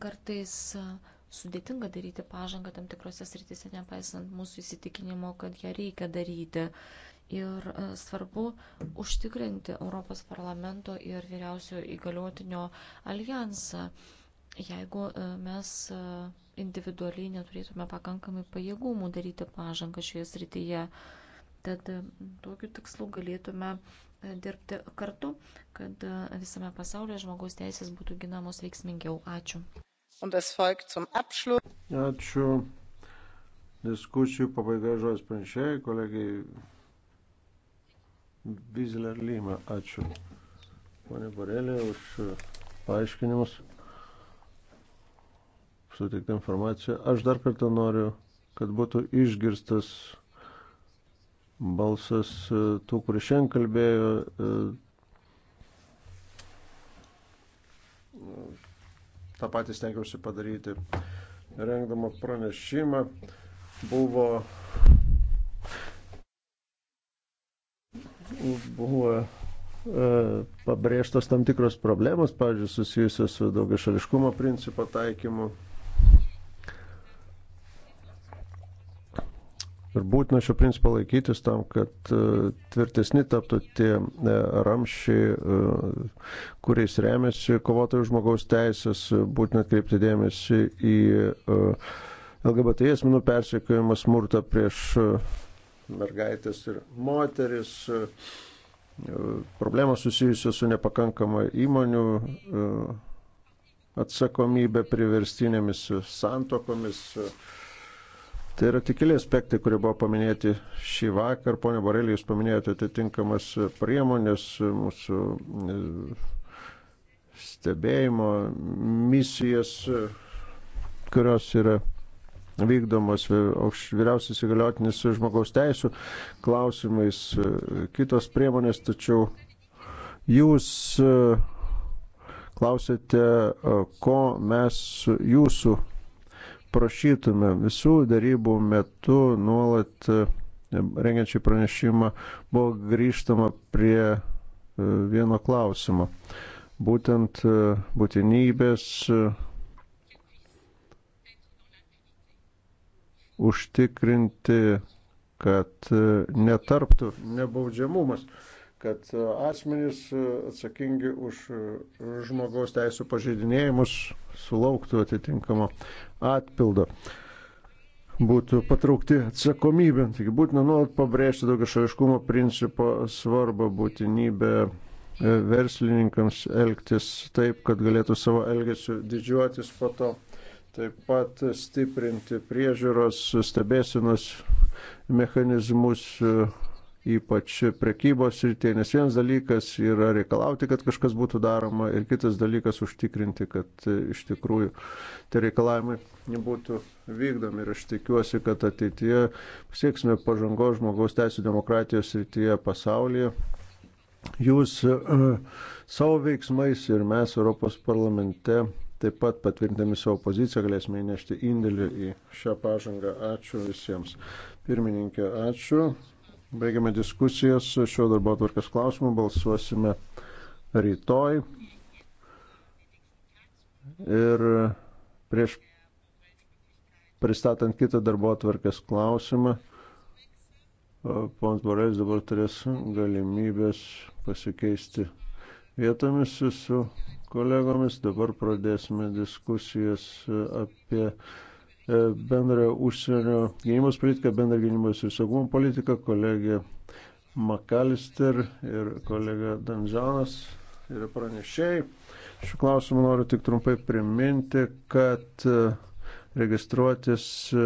Kartais sudėtinga daryti pažangą tam tikrose srityse, nepaisant mūsų įsitikinimo, kad ją reikia daryti. Ir svarbu užtikrinti Europos parlamento ir vyriausio įgaliotinio alijansą, jeigu mes individualiai neturėtume pakankamai pajėgumų daryti pažangą šioje srityje. Tad tokiu tikslu galėtume dirbti kartu, kad e, visame pasaulyje žmogaus teisės būtų ginamos veiksmingiau. Ačiū. Ačiū. Diskusijų pabaiga žodis pranešėjai, kolegai Vizler Lyma. Ačiū. Pone Borelė, už paaiškinimus suteiktą informaciją. Aš dar kartą noriu, kad būtų išgirstas balsas e, tų, kurie šiandien kalbėjo, e, tą patį stengiausi padaryti, rengdama pranešimą, buvo, buvo e, pabrėžtos tam tikros problemos, pavyzdžiui, susijusios su daugiašališkumo principo taikymu. Ir būtina šio principo laikytis tam, kad e, tvirtesni taptų tie e, ramšiai, e, kuriais remiasi kovotojų žmogaus teisės, būtina kreipti dėmesį į LGBT asmenų persekiojimą smurtą prieš mergaitės ir moteris, problemos susijusios su nepakankama įmonių atsakomybė priverstinėmis santokomis. Uh, Tai yra tik keli aspektai, kurie buvo paminėti šį vakar. Pone Borelį, jūs paminėjote atitinkamas priemonės mūsų e, stebėjimo misijas, kurios yra vykdomos vyriausias įgaliotinis žmogaus teisų klausimais, e, kitos priemonės, tačiau jūs e, klausėte, ko mes jūsų prašytume visų darybų metu nuolat e, rengiančiai pranešimą buvo grįžtama prie e, vieno klausimo. Būtent e, būtinybės užtikrinti, kad netarptų nebaudžiamumas, kad asmenys atsakingi už žmogaus teisų pažeidinėjimus sulauktų atitinkamo atpildo būtų patraukti atsakomybė. Taigi būtina nuolat pabrėžti tokio šališkumo principo svarbą, būtinybę e, verslininkams elgtis taip, kad galėtų savo elgesiu didžiuotis po to. Taip pat stiprinti priežiūros, stebėsinos mechanizmus, e, ypač prekybos srityje, nes vienas dalykas yra reikalauti, kad kažkas būtų daroma ir kitas dalykas užtikrinti, kad e, iš tikrųjų tie reikalavimai būtų vykdomi ir aš tikiuosi, kad ateityje pasieksime pažango žmogaus teisų demokratijos srityje pasaulyje. Jūs uh, savo veiksmais ir mes Europos parlamente taip pat patvirtindami savo poziciją galėsime įnešti indėlį į šią pažangą. Ačiū visiems. Pirmininkė, ačiū. Baigiame diskusijas šio darbo atvarkės klausimu, balsuosime rytoj. Ir prieš pristatant kitą darbo atvarkės klausimą, pons Borės dabar turės galimybės pasikeisti vietomis su kolegomis. Dabar pradėsime diskusijas apie bendrą užsienio gynybos politiką, bendrą gynybos ir saugumo politiką, kolegė Makalister ir kolega Danžanas yra pranešėjai. Šiuo klausimu noriu tik trumpai priminti, kad e, registruotis e,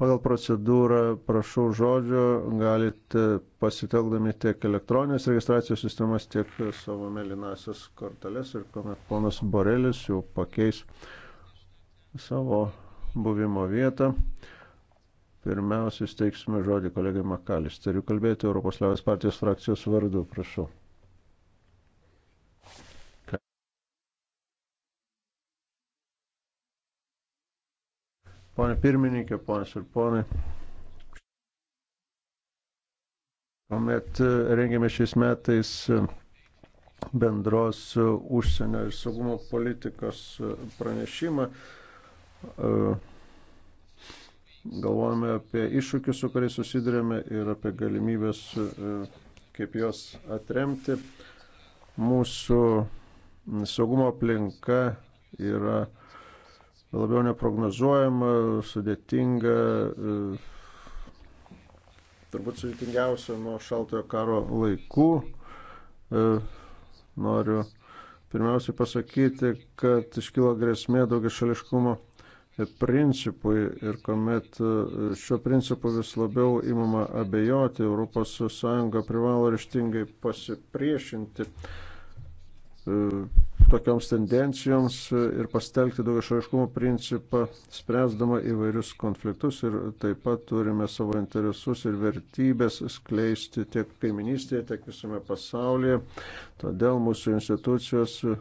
pagal procedūrą prašau žodžio galite pasitelkdami tiek elektroninės registracijos sistemas, tiek savo mėlynasias korteles ir kuomet ponas Borelis jau pakeis savo buvimo vietą. Pirmiausia, steiksime žodį kolegai Makalis. Turiu kalbėti Europos Liaudės partijos frakcijos vardu, prašau. Pone pirmininkė, ponas ir ponai, kuomet rengėme šiais metais bendros užsienio ir saugumo politikos pranešimą, E, galvojame apie iššūkius, su kuriais susidurėme ir apie galimybės, e, kaip juos atremti. Mūsų saugumo aplinka yra labiau neprognozuojama, sudėtinga, e, turbūt sudėtingiausia nuo šaltojo karo laikų. Noriu pirmiausiai pasakyti, kad iškilo grėsmė daugiašališkumo principui ir kuomet e, šiuo principu vis labiau imama abejoti, ES privalo ryštingai pasipriešinti e, tokioms tendencijoms ir pastelgti daug išraiškumo principą, spręsdama įvairius konfliktus ir taip pat turime savo interesus ir vertybės skleisti tiek kaiminystėje, tiek visame pasaulyje. Todėl mūsų institucijos e,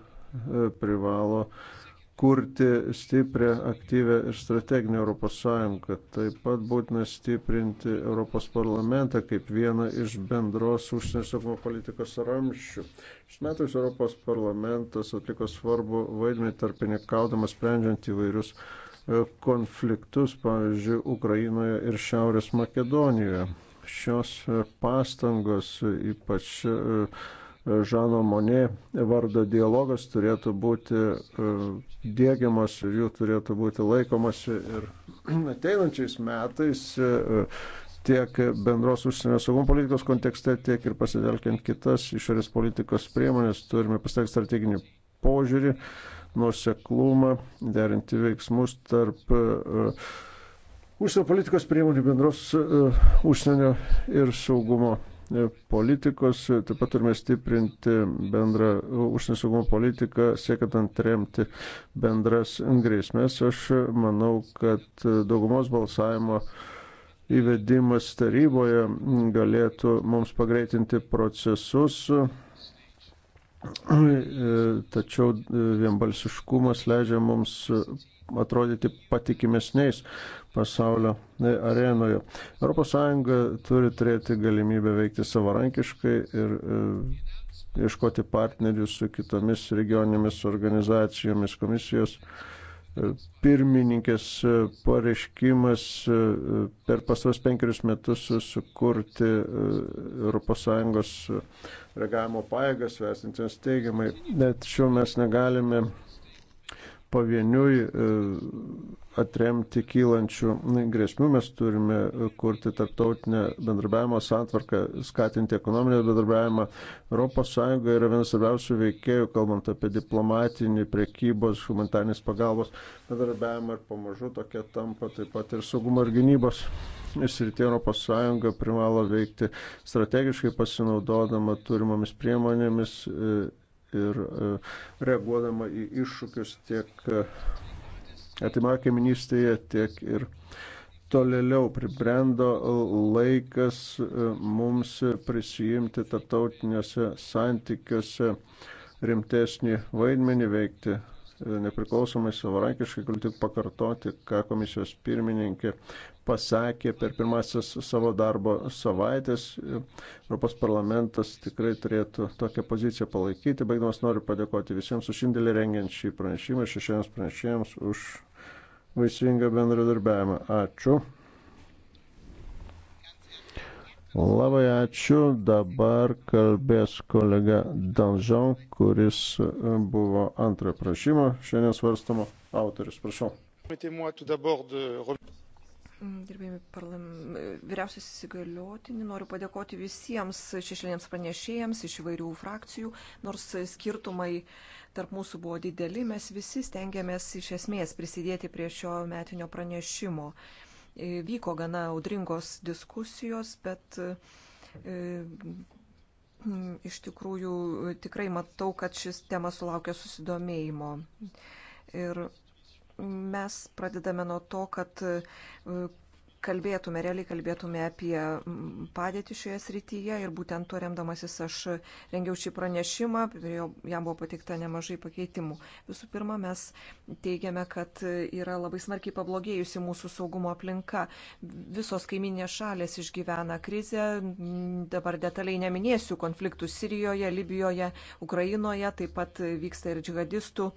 privalo uh, kurti stiprią, aktyvę ir strateginę Europos Sąjungą. Taip pat būtina stiprinti Europos parlamentą kaip vieną iš bendros užsienio saugumo politikos ramščių. Šis metais Europos parlamentas atliko svarbu vaidmenį tarpininkaudamas sprendžiant įvairius e, konfliktus, pavyzdžiui, Ukrainoje ir Šiaurės Makedonijoje. Šios e, pastangos ypač e, Žano Monė vardo dialogas turėtų būti e, dėgiamas ir jų turėtų būti laikomasi ir ateinančiais metais e, tiek bendros užsienio saugumo politikos kontekste, tiek ir pasidelkiant kitas išorės politikos priemonės turime pasiekti strateginį požiūrį, nuoseklumą, derinti veiksmus tarp uh, užsienio politikos priemonių bendros uh, užsienio ir saugumo politikos, taip pat turime stiprinti bendrą užsienio saugumo politiką, siekiant antremti bendras grėsmės. Aš manau, kad daugumos balsavimo įvedimas taryboje galėtų mums pagreitinti procesus, tačiau vienbalsiškumas leidžia mums atrodyti patikimesniais pasaulio arenoje. ES turi turėti galimybę veikti savarankiškai ir e, ieškoti partnerių su kitomis regioninėmis organizacijomis komisijos. E, pirmininkės e, pareiškimas per pasaros penkerius metus sukurti ES reagavimo pajėgas, vertintinės teigiamai. Net šiuo mes negalime pavieniui e, atremti kylančių grėsmių. Mes turime kurti tarptautinę bendrabiavimo santvarką, skatinti ekonominę bendrabiavimą. ES yra vienas svarbiausių veikėjų, kalbant apie diplomatinį, priekybos, humanitarnės pagalbos bendrabiavimą ir pamažu tokia tampa taip pat ir saugumo ir gynybos. Išsirti ES privalo veikti strategiškai pasinaudodama turimomis priemonėmis e, ir e, reaguodama į iššūkius tiek e, atimą kaiminystėje, tiek ir tolėliau pribrendo laikas e, mums prisijimti tarptautiniuose santykiuose rimtesnį vaidmenį veikti nepriklausomai savarankiškai galiu tik pakartoti, ką komisijos pirmininkė pasakė per pirmasis savo darbo savaitės. Europos parlamentas tikrai turėtų tokią poziciją palaikyti. Baigdamas noriu padėkoti visiems už indėlį rengiant šį pranešimą, šešiems pranešėjams už vaisingą bendradarbiavimą. Ačiū. Labai ačiū. Dabar kalbės kolega Danžon, kuris buvo antrojo prašymo šiandien svarstamo autoris. Prašau. Mm, gerbėjami parlam... vyriausiasis įgaliotinį, noriu padėkoti visiems šešėlėms pranešėjams iš įvairių frakcijų, nors skirtumai tarp mūsų buvo dideli, mes visi stengiamės iš esmės prisidėti prie šio metinio pranešimo. E, vyko gana audringos diskusijos, bet e, mm, iš tikrųjų tikrai matau, kad šis tema sulaukė susidomėjimo. Ir mes pradedame nuo to, kad kalbėtume, realiai kalbėtume apie padėtį šioje srityje ir būtent tuo remdamasis aš rengiau šį pranešimą, jam buvo patikta nemažai pakeitimų. Visų pirma, mes teigiame, kad yra labai smarkiai pablogėjusi mūsų saugumo aplinka. Visos kaiminės šalės išgyvena krizę, dabar detaliai neminėsiu konfliktų Sirijoje, Libijoje, Ukrainoje, taip pat vyksta ir džihadistų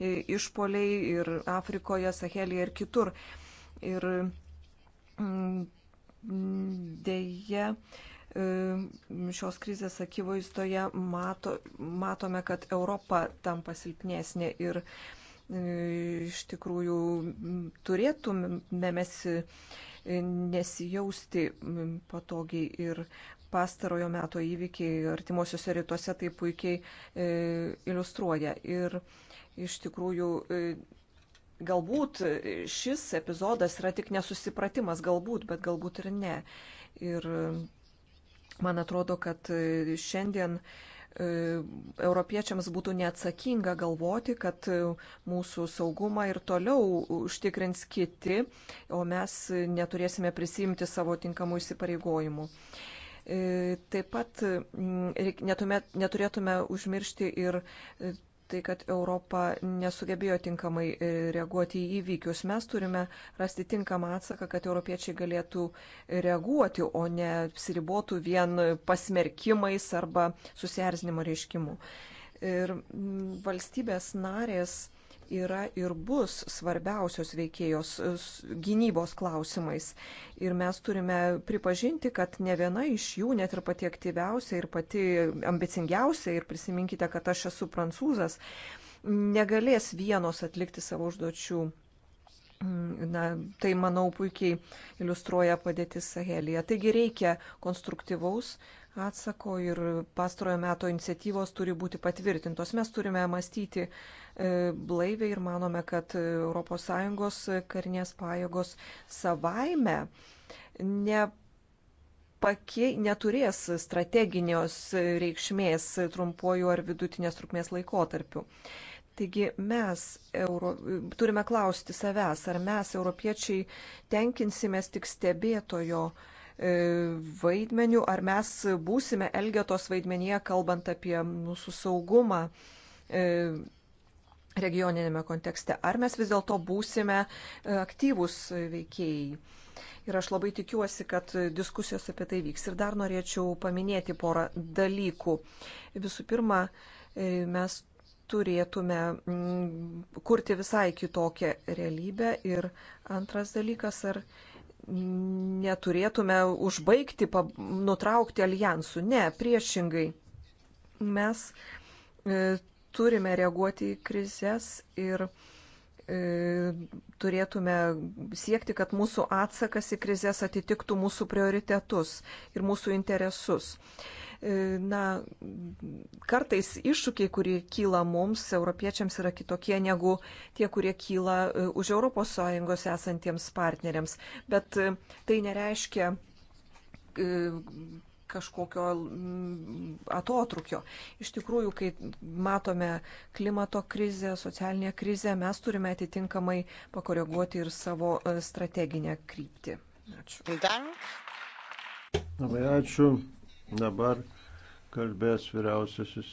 išpoliai ir Afrikoje, Sahelėje ir kitur. Ir Deja, šios krizės akivaizdoje mato, matome, kad Europa tampa silpnesnė ir e, iš tikrųjų turėtumėmės e, nesijausti patogiai ir pastarojo meto įvykiai artimuosiuose rytuose tai puikiai e, iliustruoja. Ir iš tikrųjų Galbūt šis epizodas yra tik nesusipratimas, galbūt, bet galbūt ir ne. Ir man atrodo, kad šiandien e, europiečiams būtų neatsakinga galvoti, kad mūsų saugumą ir toliau užtikrins kiti, o mes neturėsime prisimti savo tinkamų įsipareigojimų. E, taip pat neturėtume užmiršti ir tai, kad Europa nesugebėjo tinkamai e, reaguoti į įvykius. Mes turime rasti tinkamą atsaką, kad europiečiai galėtų reaguoti, o ne apsiribotų vien pasmerkimais arba susierzinimo reiškimu. Ir valstybės narės yra ir bus svarbiausios veikėjos gynybos klausimais. Ir mes turime pripažinti, kad ne viena iš jų, net ir pati aktyviausia ir pati ambicingiausia, ir prisiminkite, kad aš esu prancūzas, negalės vienos atlikti savo užduočių. Na, tai, manau, puikiai iliustruoja padėtis Sahelėje. Taigi reikia konstruktyvaus atsako ir pastarojo meto iniciatyvos turi būti patvirtintos. Mes turime mąstyti e, blaiviai ir manome, kad ES karinės pajėgos savaime ne. Pakei, neturės strateginios reikšmės trumpuoju ar vidutinės trukmės laikotarpiu. Taigi mes euro, turime klausti savęs, ar mes, europiečiai, tenkinsimės tik stebėtojo uh, E, vaidmeniu, ar mes būsime Elgetos vaidmenyje, kalbant apie mūsų saugumą e, regioninėme kontekste, ar mes vis dėlto būsime e, aktyvūs veikėjai. Ir aš labai tikiuosi, kad diskusijos apie tai vyks. Ir dar norėčiau paminėti porą dalykų. Visų pirma, mes turėtume mm, kurti visai kitokią realybę. Ir antras dalykas, ar neturėtume užbaigti, nutraukti alijansų. Ne, priešingai. Mes e, turime reaguoti į krizės ir e, turėtume siekti, kad mūsų atsakas į krizės atitiktų mūsų prioritetus ir mūsų interesus. E, na, kartais iššūkiai, kurie kyla mums, europiečiams, yra kitokie negu tie, kurie kyla e, už ES esantiems partneriams. Bet e, tai nereiškia kažkokio mm, atotrukio. Iš tikrųjų, kai matome klimato krizę, socialinę krizę, mes turime atitinkamai pakoreguoti ir savo strateginę kryptį. Ačiū. Labai ačiū. Dabar kalbės vyriausiasis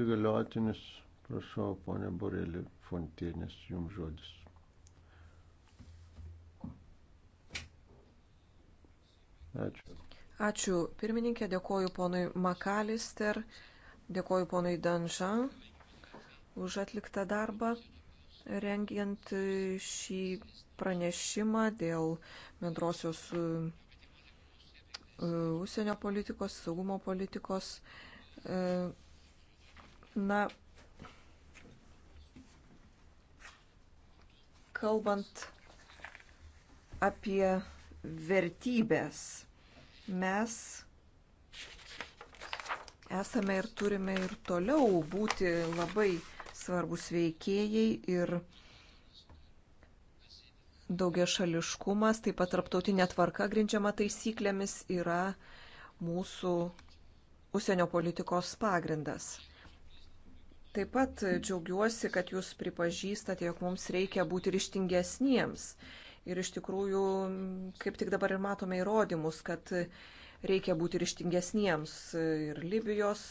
įgaliotinis, prašau, ponė Borelį Fontienės, jums žodis. Ačiū. Ačiū pirmininkė, dėkoju ponui Makalister, dėkoju ponui Danžan už atliktą darbą rengiant šį pranešimą dėl bendrosios E, užsienio politikos, saugumo politikos. E, na, kalbant apie vertybės, mes esame ir turime ir toliau būti labai svarbus veikėjai ir daugia šališkumas, taip pat tarptautinė tvarka grindžiama taisyklėmis yra mūsų užsienio politikos pagrindas. Taip pat džiaugiuosi, kad jūs pripažįstate, jog mums reikia būti ryštingesniems. Ir iš tikrųjų, kaip tik dabar ir matome įrodymus, kad reikia būti ryštingesniems ir Libijos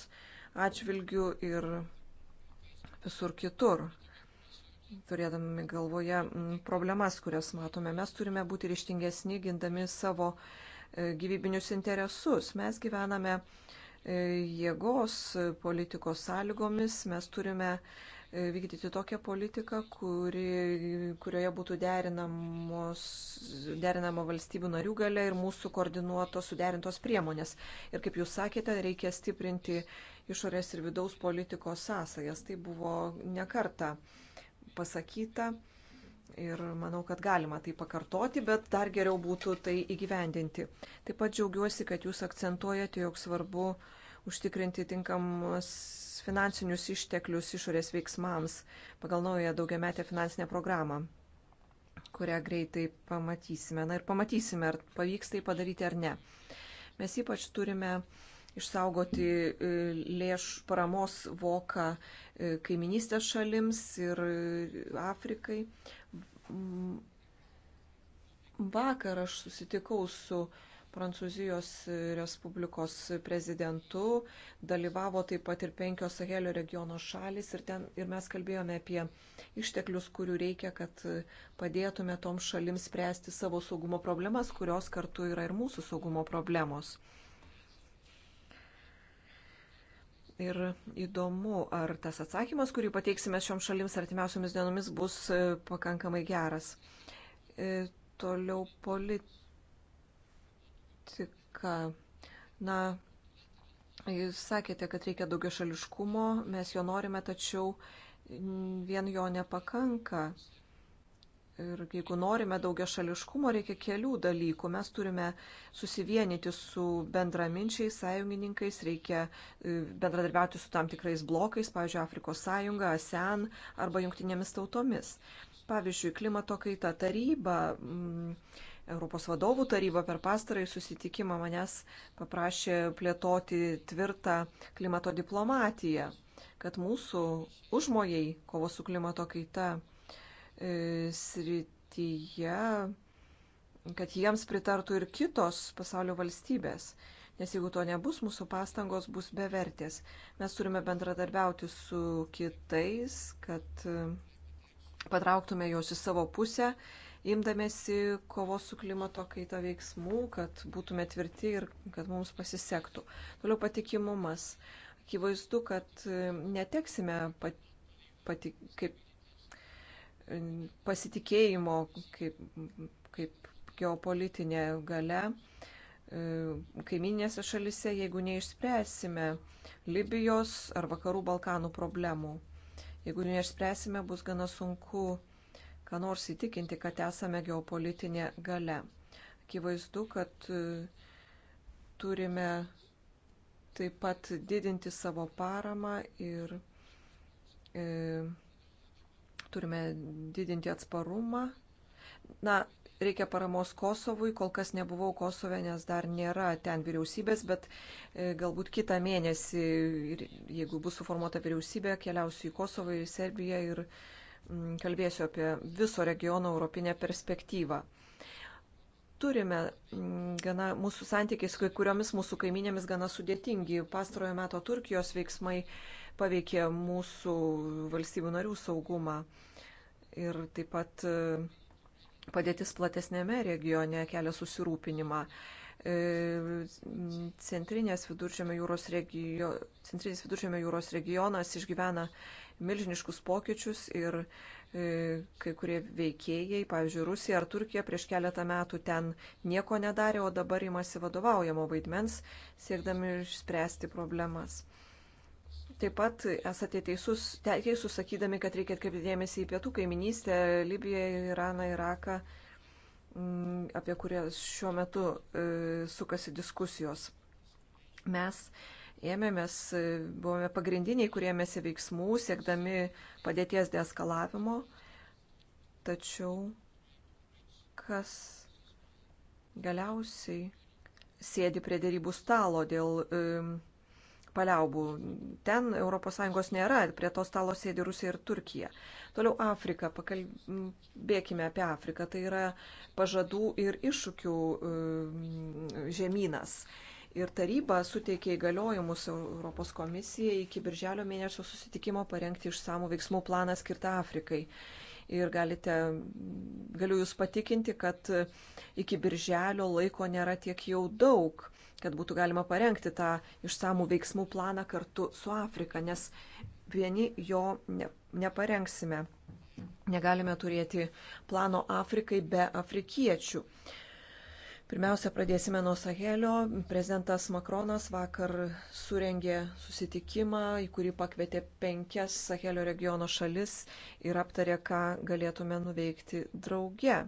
atžvilgių, ir visur kitur turėdami galvoje mm, problemas, kurias matome, mes turime būti ryštingesni, gindami savo e, gyvybinius interesus. Mes gyvename e, jėgos e, politikos sąlygomis, mes turime vykdyti tokią politiką, kuri, kurioje būtų derinama valstybių narių galia ir mūsų koordinuotos, suderintos priemonės. Ir kaip jūs sakėte, reikia stiprinti išorės ir vidaus politikos sąsajas. Tai buvo nekarta. kartą pasakyta ir manau, kad galima tai pakartoti, bet dar geriau būtų tai įgyvendinti. Taip pat džiaugiuosi, kad jūs akcentuojate, jog svarbu užtikrinti tinkamus finansinius išteklius išorės veiksmams pagal naują daugiametę finansinę programą, kurią greitai pamatysime. Na ir pamatysime, ar pavyks tai padaryti ar ne. Mes ypač turime uh, išsaugoti e, lėš paramos voką e, kaiminystės šalims ir e, Afrikai. Vakar aš susitikau su Prancūzijos Respublikos prezidentu, dalyvavo taip pat ir penkios Sahelio regiono šalis ir, ten, ir mes kalbėjome apie išteklius, kurių reikia, kad padėtume toms šalims spręsti savo saugumo problemas, kurios kartu yra ir mūsų saugumo problemos. Ir įdomu, ar tas atsakymas, kurį pateiksime šioms šalims artimiausiomis dienomis, bus e, pakankamai geras. E, toliau politika. Na, jūs sakėte, kad reikia daugia šališkumo, mes jo norime, tačiau vien jo nepakanka. Ir jeigu norime daugia šališkumo, reikia kelių dalykų. Mes turime susivienyti su bendraminčiais sąjungininkais, reikia e, bendradarbiauti su tam tikrais blokais, pavyzdžiui, Afrikos sąjunga, ASEAN arba jungtinėmis tautomis. Pavyzdžiui, klimato kaita taryba, mm, Europos vadovų taryba per pastarąjį susitikimą manęs paprašė plėtoti tvirtą klimato diplomatiją, kad mūsų užmojai kovo su klimato kaita E, srityje, kad jiems pritartų ir kitos pasaulio valstybės. Nes jeigu to nebus, mūsų pastangos bus bevertės. Mes turime bendradarbiauti su kitais, kad e, patrauktume juos į savo pusę, imdamėsi kovos su klimato kaita veiksmų, kad būtume tvirti ir kad mums pasisektų. Toliau patikimumas. Akivaizdu, kad e, neteksime pat, pati, kaip pasitikėjimo kaip, kaip geopolitinė gale e, kaiminėse šalise, jeigu neišspręsime Libijos ar Vakarų Balkanų problemų. Jeigu neišspręsime, bus gana sunku ką nors įtikinti, kad esame geopolitinė gale. Akivaizdu, kad e, turime taip pat didinti savo paramą ir e, turime didinti atsparumą. Na, reikia paramos Kosovui, kol kas nebuvau Kosove, nes dar nėra ten vyriausybės, bet e, galbūt kitą mėnesį, jeigu bus suformuota vyriausybė, keliausiu į Kosovą ir į Serbiją ir mm, kalbėsiu apie viso regiono europinę perspektyvą. Turime mm, gana mūsų santykiai su kai kuriomis mūsų kaiminėmis gana sudėtingi. Pastarojo meto Turkijos veiksmai paveikė mūsų valstybių narių saugumą ir taip pat e, padėtis platesnėme regione kelia susirūpinimą. E, centrinės viduržėmio jūros, regio, centrinės viduržėmio jūros regionas išgyvena milžiniškus pokyčius ir e, kai kurie veikėjai, pavyzdžiui, Rusija ar Turkija prieš keletą metų ten nieko nedarė, o dabar imasi vadovaujamo vaidmens, siekdami išspręsti problemas. Taip pat esate teisus, teisus sakydami, kad reikia atkreipti dėmesį į pietų kaiminystę, Libiją, Iraną, Iraką, mm, apie kurias šiuo metu e, sukasi diskusijos. Mes ėmėmės, e, buvome pagrindiniai, kurie ėmėsi veiksmų, siekdami padėties deeskalavimo. Tačiau kas galiausiai sėdi prie dėrybų stalo dėl e, paliaubų. Ten ES nėra, prie to stalo sėdi Rusija ir Turkija. Toliau Afrika, pakalbėkime apie Afriką, tai yra pažadų ir iššūkių um, žemynas. Ir taryba suteikė įgaliojimus Europos komisijai iki birželio mėnesio susitikimo parengti išsamų veiksmų planą skirtą Afrikai ir galite, galiu Jūs patikinti, kad iki birželio laiko nėra tiek jau daug kad būtų galima parengti tą išsamų veiksmų planą kartu su Afrika, nes vieni jo ne, neparengsime. Negalime turėti plano Afrikai be afrikiečių. Pirmiausia, pradėsime nuo Sahelio. Prezidentas Makronas vakar surengė susitikimą, į kurį pakvietė penkias Sahelio regiono šalis ir aptarė, ką galėtume nuveikti drauge.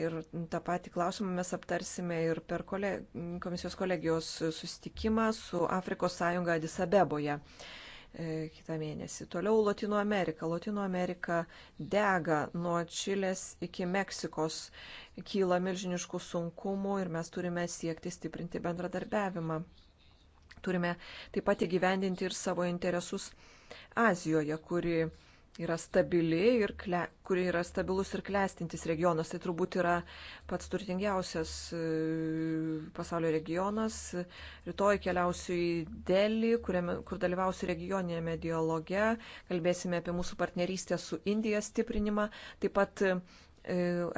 Ir tą patį klausimą mes aptarsime ir per kole, komisijos kolegijos susitikimą su Afrikos sąjunga Adisabeboje e, kitą mėnesį. Toliau Latino Amerika. Latino Amerika dega nuo Čilės iki Meksikos. Kyla milžiniškų sunkumų ir mes turime siekti stiprinti bendradarbiavimą. Turime taip pat įgyvendinti ir savo interesus Azijoje, kuri yra stabili ir kle, kuri yra stabilus ir klestintis regionas. Tai turbūt yra pats turtingiausias e, pasaulio regionas. Rytoj keliausiu į Delį, kuriame, kur dalyvausiu regioninėme dialoge. Kalbėsime apie mūsų partnerystę su Indija stiprinimą. Taip pat e,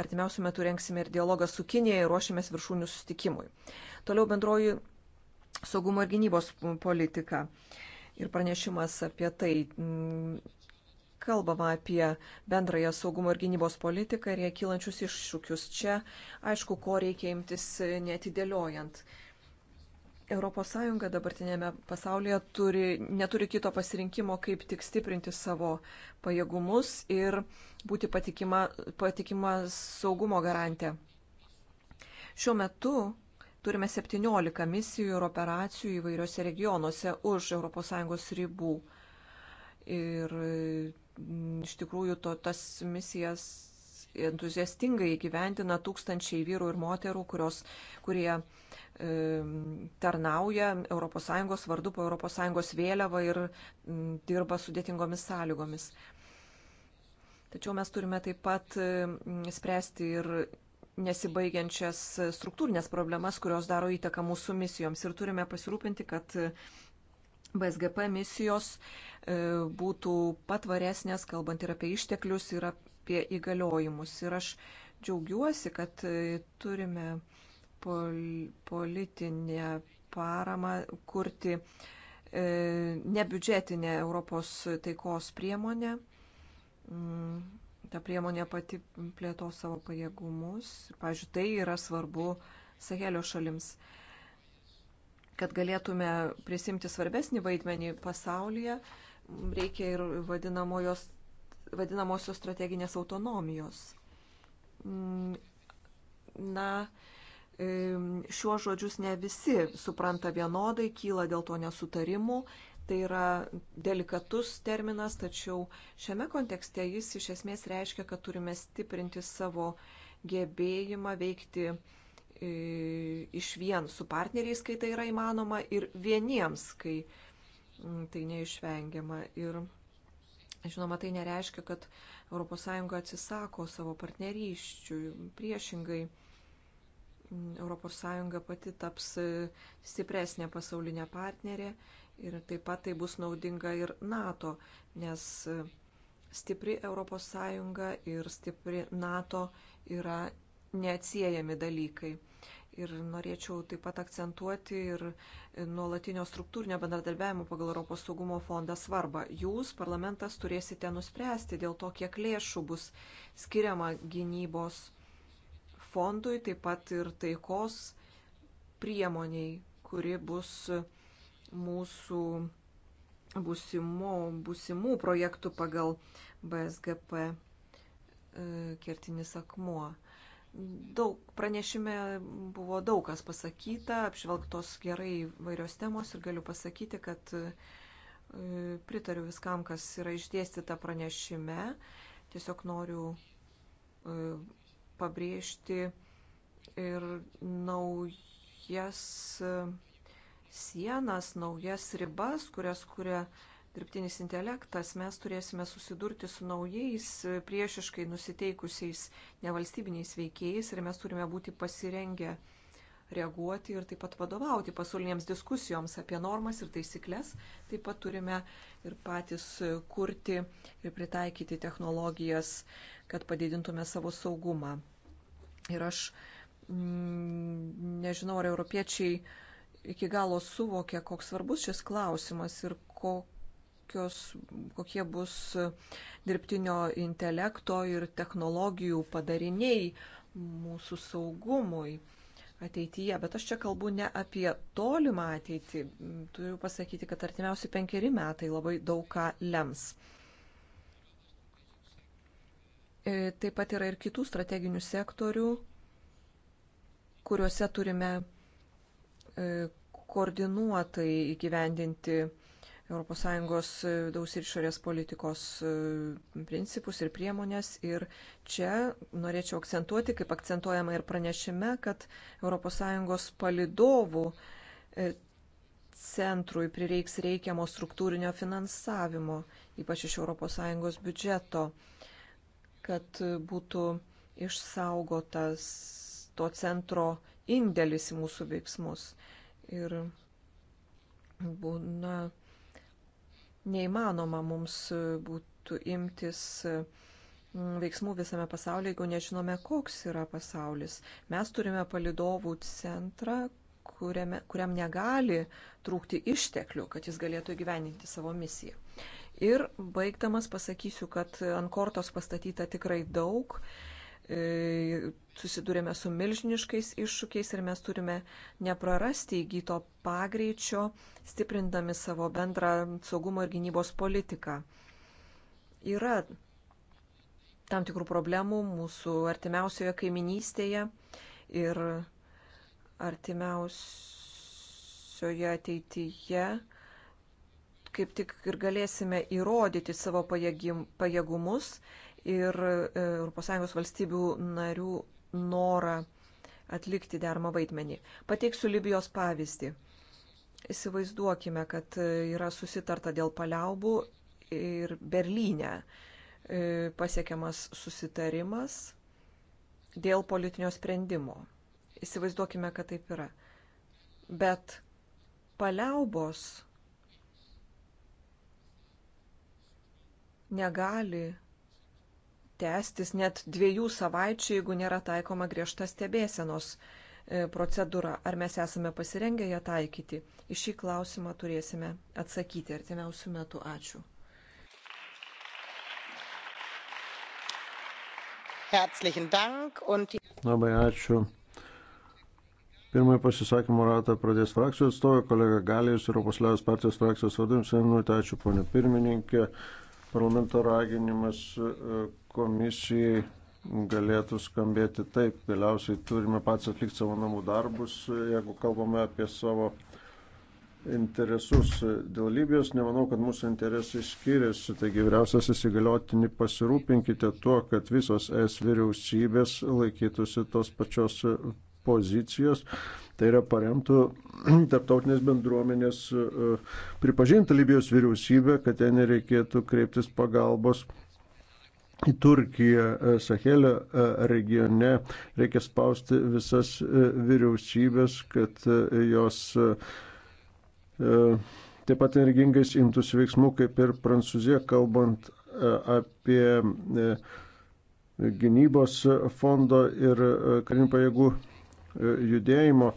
artimiausių metų renksime ir dialogą su Kinėje ir ruošiamės viršūnių sustikimui. Toliau bendroji saugumo ir gynybos politika. Ir pranešimas apie tai mm, kalbama apie bendrąją saugumo ir gynybos politiką ir jie kylančius iššūkius. Čia, aišku, ko reikia imtis netidėliojant. ES dabartinėme pasaulyje turi, neturi kito pasirinkimo, kaip tik stiprinti savo pajėgumus ir būti patikima, patikima saugumo garantė. Šiuo metu turime 17 misijų ir operacijų įvairiose regionuose už ES ribų. Ir iš tikrųjų to, tas misijas entuziastingai įgyvendina tūkstančiai vyrų ir moterų, kurios, kurie e, tarnauja ES vardu po ES vėliavą ir m, dirba sudėtingomis sąlygomis. Tačiau mes turime taip pat spręsti ir nesibaigiančias struktūrinės problemas, kurios daro įtaką mūsų misijoms ir turime pasirūpinti, kad BSGP misijos e, būtų patvaresnės, kalbant ir apie išteklius, ir apie įgaliojimus. Ir aš džiaugiuosi, kad e, turime pol politinę paramą kurti e, nebiudžetinę Europos taikos priemonę. Mm, ta priemonė pati plėto savo pajėgumus. Pavyzdžiui, tai yra svarbu Sahelio šalims kad galėtume prisimti svarbesnį vaidmenį pasaulyje, reikia ir vadinamosios strateginės autonomijos. Mm, na, šiuo žodžius ne visi supranta vienodai, kyla dėl to nesutarimų. Tai yra delikatus terminas, tačiau šiame kontekste jis iš esmės reiškia, kad turime stiprinti savo gebėjimą veikti uh, E, iš vien su partneriais, kai tai yra įmanoma, ir vieniems, kai mm, tai neišvengiama. Ir žinoma, tai nereiškia, kad ES atsisako savo partnerysčių. Priešingai, mm, ES pati taps e, stipresnė pasaulinė partnerė ir taip pat tai bus naudinga ir NATO, nes e, stipri ES ir stipri NATO yra neatsiejami dalykai. Ir norėčiau taip pat akcentuoti ir nuolatinio struktūrinio bendradarbiavimo pagal Europos saugumo fondą svarbą. Jūs, parlamentas, turėsite nuspręsti dėl to, kiek lėšų bus skiriama gynybos fondui, taip pat ir taikos priemoniai, kuri bus mūsų būsimų, būsimų projektų pagal BSGP e, kertinis akmuo. Daug pranešime buvo daug kas pasakyta, apžvelgtos gerai vairios temos ir galiu pasakyti, kad e, pritariu viskam, kas yra išdėstyta pranešime. Tiesiog noriu e, pabrėžti ir naujas e, sienas, naujas ribas, kurias kuria. Kuria dirbtinis intelektas, mes turėsime susidurti su naujais e, priešiškai nusiteikusiais nevalstybiniais veikėjais ir mes turime būti pasirengę reaguoti ir taip pat vadovauti pasaulinėms diskusijoms apie normas ir taisyklės. Taip pat turime ir patys e, kurti ir pritaikyti technologijas, kad padidintume savo saugumą. Ir aš m, mm, nežinau, ar europiečiai iki galo suvokia, koks svarbus šis klausimas ir ko, kokios, kokie bus dirbtinio intelekto ir technologijų padariniai mūsų saugumui ateityje. Bet aš čia kalbu ne apie tolimą ateitį. Turiu pasakyti, kad artimiausi penkeri metai labai daug ką lems. E, taip pat yra ir kitų strateginių sektorių, kuriuose turime e, koordinuotai įgyvendinti ES e, vidaus ir išorės politikos e, principus ir priemonės. Ir čia norėčiau akcentuoti, kaip akcentuojama ir pranešime, kad ES palidovų e, centrui prireiks reikiamo struktūrinio finansavimo, ypač iš ES biudžeto, kad būtų išsaugotas to centro indėlis į mūsų veiksmus. Ir būna. Nu, neįmanoma mums būtų imtis mm, veiksmų visame pasaulyje, jeigu nežinome, koks yra pasaulis. Mes turime palidovų centrą, kuriame, kuriam negali trūkti išteklių, kad jis galėtų įgyveninti savo misiją. Ir baigdamas pasakysiu, kad ant kortos pastatyta tikrai daug. Uh, E, susidūrėme su milžiniškais iššūkiais ir mes turime neprarasti įgyto pagreičio, stiprindami savo bendrą saugumo ir gynybos politiką. Yra tam tikrų problemų mūsų artimiausioje kaiminystėje ir artimiausioje ateityje kaip tik ir galėsime įrodyti savo pajėgim, pajėgumus ir ES valstybių narių norą atlikti deramą vaidmenį. Pateiksiu Libijos pavyzdį. Įsivaizduokime, kad e, yra susitarta dėl paliaubų ir Berlyne e, pasiekiamas susitarimas dėl politinio sprendimo. Įsivaizduokime, kad taip yra. Bet paliaubos negali tęstis net dviejų savaičių, jeigu nėra taikoma griežta stebėsenos e, procedūra. Ar mes esame pasirengę ją taikyti? Iš šį klausimą turėsime atsakyti artimiausių metų. Ačiū. Labai ačiū. Pirmąjį pasisakymų ratą pradės frakcijų atstovai, kolega Galijus, Europos Liaudės partijos frakcijos vadovas. Ačiū, ponė pirmininkė parlamento raginimas e, komisijai galėtų skambėti taip. Galiausiai turime pats atlikti savo namų darbus, e, jeigu kalbame apie savo interesus dėl Libijos, nemanau, kad mūsų interesai skiriasi. Taigi vyriausias įsigaliotinį pasirūpinkite tuo, kad visos es vyriausybės laikytųsi tos pačios pozicijos Tai yra paremtų tarptautinės bendruomenės e, e, pripažinti Libijos vyriausybę, kad ten nereikėtų kreiptis pagalbos į Turkiją, e, Sahelio regione reikia spausti visas vyriausybės, kad jos taip pat energingais imtųsi veiksmų, kaip ir Prancūzija, kalbant apie gynybos fondo ir karinių pajėgų judėjimo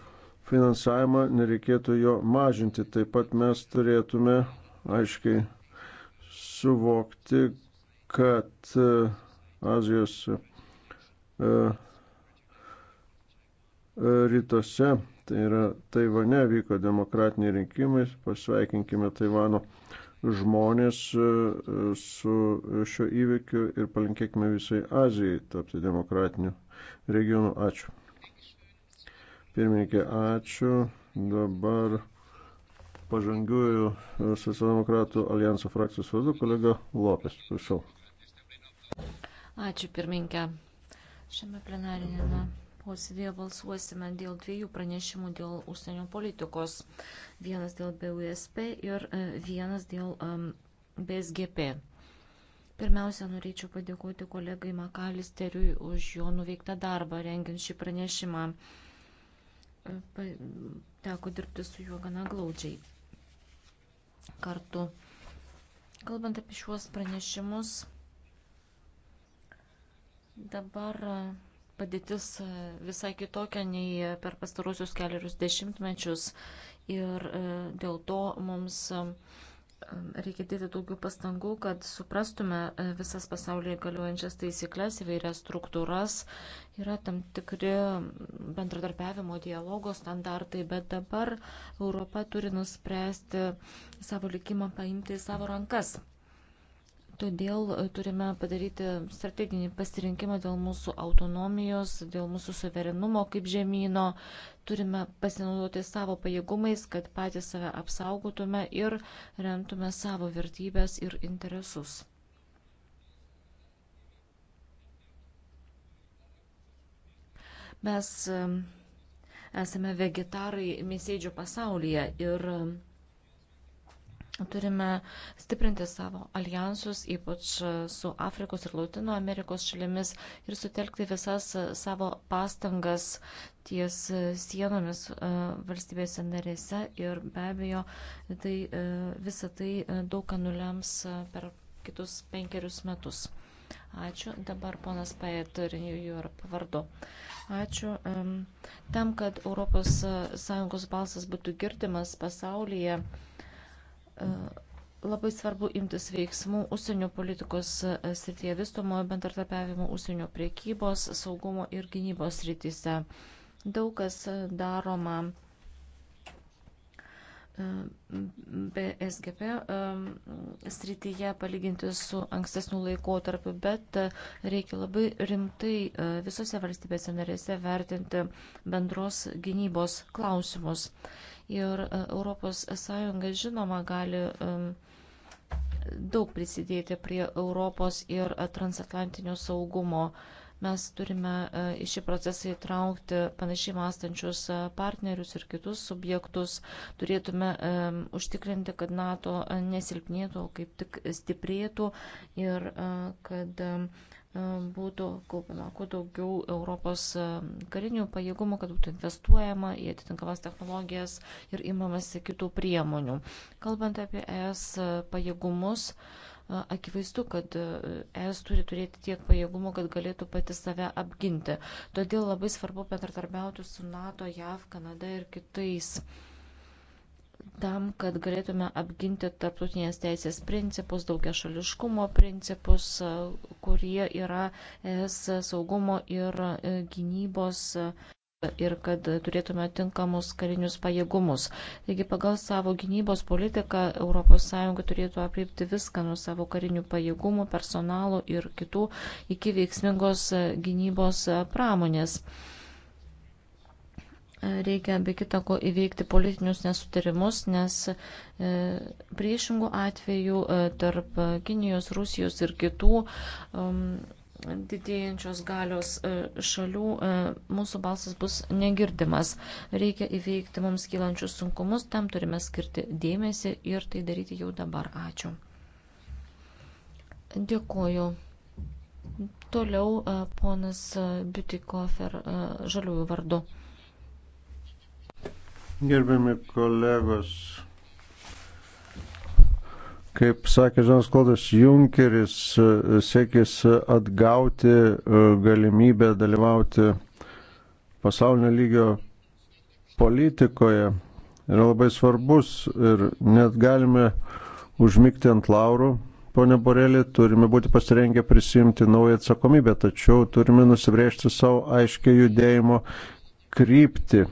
finansavimą, nereikėtų jo mažinti. Taip pat mes turėtume aiškiai suvokti, kad e, Azijos e, e, rytuose, tai yra Taivane, vyko demokratiniai rinkimai, pasveikinkime Taivano žmonės su šiuo įvykiu ir palinkėkime visai Azijai tapti demokratiniu regionu. Ačiū. Pirmininkė, ačiū. Dabar pažangiųjų socialdemokratų alijanso frakcijos vadu kolega Lopes. Prašau. Ačiū, pirmininkė. Šiame plenarinėme posėdėje balsuosime dėl dviejų pranešimų dėl užsienio politikos. Vienas dėl BUSP ir e, vienas dėl BSGP. Pirmiausia, norėčiau padėkoti kolegai Makalisteriui už jo nuveiktą darbą rengiant šį pranešimą teko dirbti su juo gana glaudžiai kartu. Kalbant apie šiuos pranešimus, dabar padėtis visai kitokia nei per pastarosius keliarius dešimtmečius ir dėl to mums Reikia dėti daugiau pastangų, kad suprastume e, visas pasaulyje galiuojančias taisyklės, įvairias struktūras. Yra tam tikri bendradarbiavimo dialogo standartai, bet dabar Europa turi nuspręsti savo likimą paimti į savo rankas. Todėl e, turime padaryti strateginį pasirinkimą dėl mūsų autonomijos, dėl mūsų suverenumo kaip žemynų. Turime pasinaudoti savo pajėgumais, kad patys save apsaugotume ir remtume savo vertybės ir interesus. Mes e, esame vegetarai mėsėdžių pasaulyje ir Turime stiprinti savo alijansus, ypač su Afrikos ir Latino Amerikos šalimis ir sutelkti visas savo pastangas ties sienomis e, valstybėse narėse ir be abejo tai, e, visą tai e, daug ką nulems per kitus penkerius metus. Ačiū. Dabar ponas Paet Renew Europe vardu. Ačiū. Tam, kad ES balsas būtų girdimas pasaulyje, Labai svarbu imtis veiksmų užsienio politikos e, srityje vystomojo bendratarpiavimo, užsienio priekybos, saugumo ir gynybos srityse. Daug kas e, daroma BSGP um, srityje palyginti su ankstesniu laikotarpiu, bet uh, reikia labai rimtai uh, visose valstybėse narėse vertinti bendros gynybos klausimus. Ir uh, ES žinoma gali um, daug prisidėti prie Europos ir transatlantinio saugumo uh, Mes turime e, į šį procesą įtraukti panašiai mąstančius e, partnerius ir kitus subjektus. Turėtume e, užtikrinti, kad NATO nesilpnėtų, o kaip tik stiprėtų ir kad būtų kaupiama kuo daugiau Europos karinių pajėgumų, kad būtų investuojama į atitinkamas technologijas ir imamasi kitų priemonių. Kalbant apie ES pajėgumus, akivaizdu, kad e, ES turi turėti tiek pajėgumų, kad galėtų pati save apginti. Todėl labai svarbu bendradarbiauti su NATO, JAV, Kanada ir kitais tam, kad galėtume apginti tarptautinės teisės principus, daugia šališkumo principus, kurie yra ES saugumo ir e, gynybos ir kad turėtume tinkamus karinius pajėgumus. Taigi pagal savo gynybos politiką ES turėtų apriepti viską nuo savo karinių pajėgumų, personalų ir kitų iki veiksmingos gynybos pramonės. Reikia be kitako įveikti politinius nesutarimus, nes e, priešingų atvejų e, tarp Kinijos, Rusijos ir kitų e, didėjančios galios e, šalių e, mūsų balsas bus negirdimas. Reikia įveikti mums kylančius sunkumus, tam turime skirti dėmesį ir tai daryti jau dabar. Ačiū. Dėkuoju. Toliau e, ponas Biutikofer žaliųjų vardu. Gerbiami kolegos, Kaip sakė Žanas Klodas Junkeris, e, siekis atgauti e, galimybę dalyvauti pasaulinio lygio politikoje yra labai svarbus ir net galime užmygti ant laurų, ponė Borelė, turime būti pasirengę prisimti naują atsakomybę, tačiau turime nusibriežti savo aiškę judėjimo kryptį.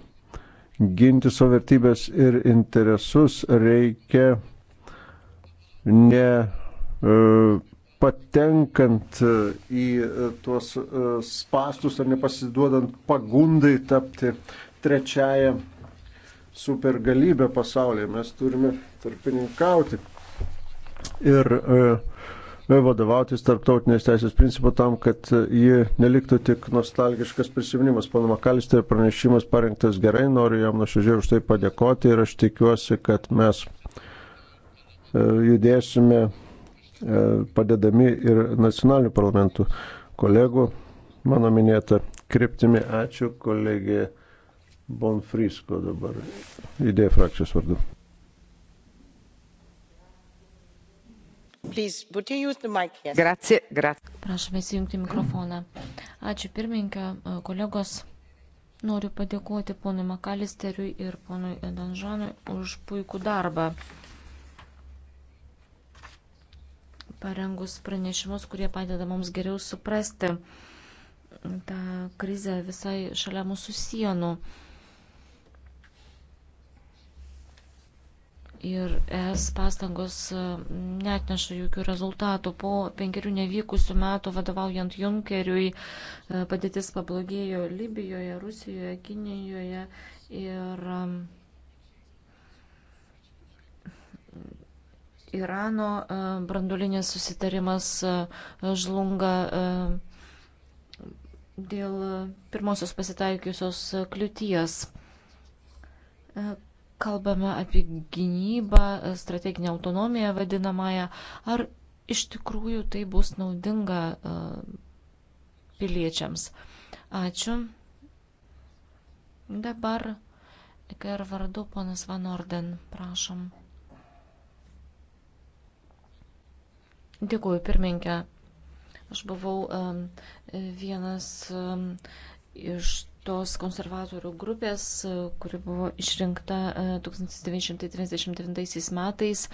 Ginti savo vertybės ir interesus reikia ne e, patenkant e, į e, tuos spastus ar nepasiduodant pagundai tapti trečiaja supergalybė pasaulyje. Mes turime tarpininkauti ir vadovautis tarptautinės teisės principu tam, kad ji neliktų tik nostalgiškas prisiminimas. Pana Makalister pranešimas parengtas gerai, noriu jam nuoširdžiai už tai padėkoti ir aš tikiuosi, kad mes E, judėsime e, padedami ir nacionalinių parlamentų kolegų, mano minėta kryptimi. Ačiū kolegė Bonfrisko dabar, idėja frakcijos vardu. Please, mic, yes. grazie, grazie. Prašome įsijungti mikrofoną. Ačiū pirmininkė, e, kolegos. Noriu padėkoti ponui Makalisteriui ir ponui Danžanui už puikų darbą. parengus pranešimus, kurie padeda mums geriau suprasti tą krizę visai šalia mūsų sienų. Ir es pastangos e, netneša jokių rezultatų. Po penkerių nevykusių metų vadovaujant Junkeriui e, padėtis pablogėjo Libijoje, Rusijoje, Kinijoje ir e, Irano e, brandulinis susitarimas e, žlunga e, dėl pirmosios pasitaikiusios kliūties. Kalbame apie gynybą, strateginę autonomiją vadinamąją. Ar iš tikrųjų tai bus naudinga piliečiams? Ačiū. Dabar, kai ir vardu, ponas Van Orden, prašom. Dėkuoju, pirmininkė. Aš buvau um, vienas um, iš tos konservatorių grupės, kuri buvo išrinkta 1939 e, metais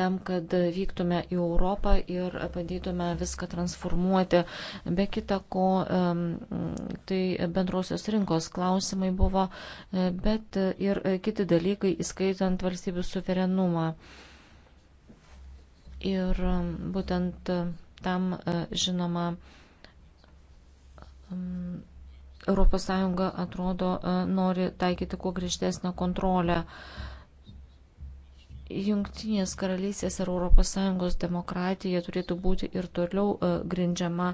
tam, kad vyktume į Europą ir bandytume viską transformuoti. Be kita ko, tai bendrosios rinkos klausimai buvo, e, bet ir kiti dalykai, įskaitant valstybių suverenumą. Ir um, būtent um, tam, e, žinoma, um, ES atrodo e, nori taikyti kuo grįžtesnę kontrolę. Junktinės karalystės ir ES demokratija turėtų būti ir toliau e, grindžiama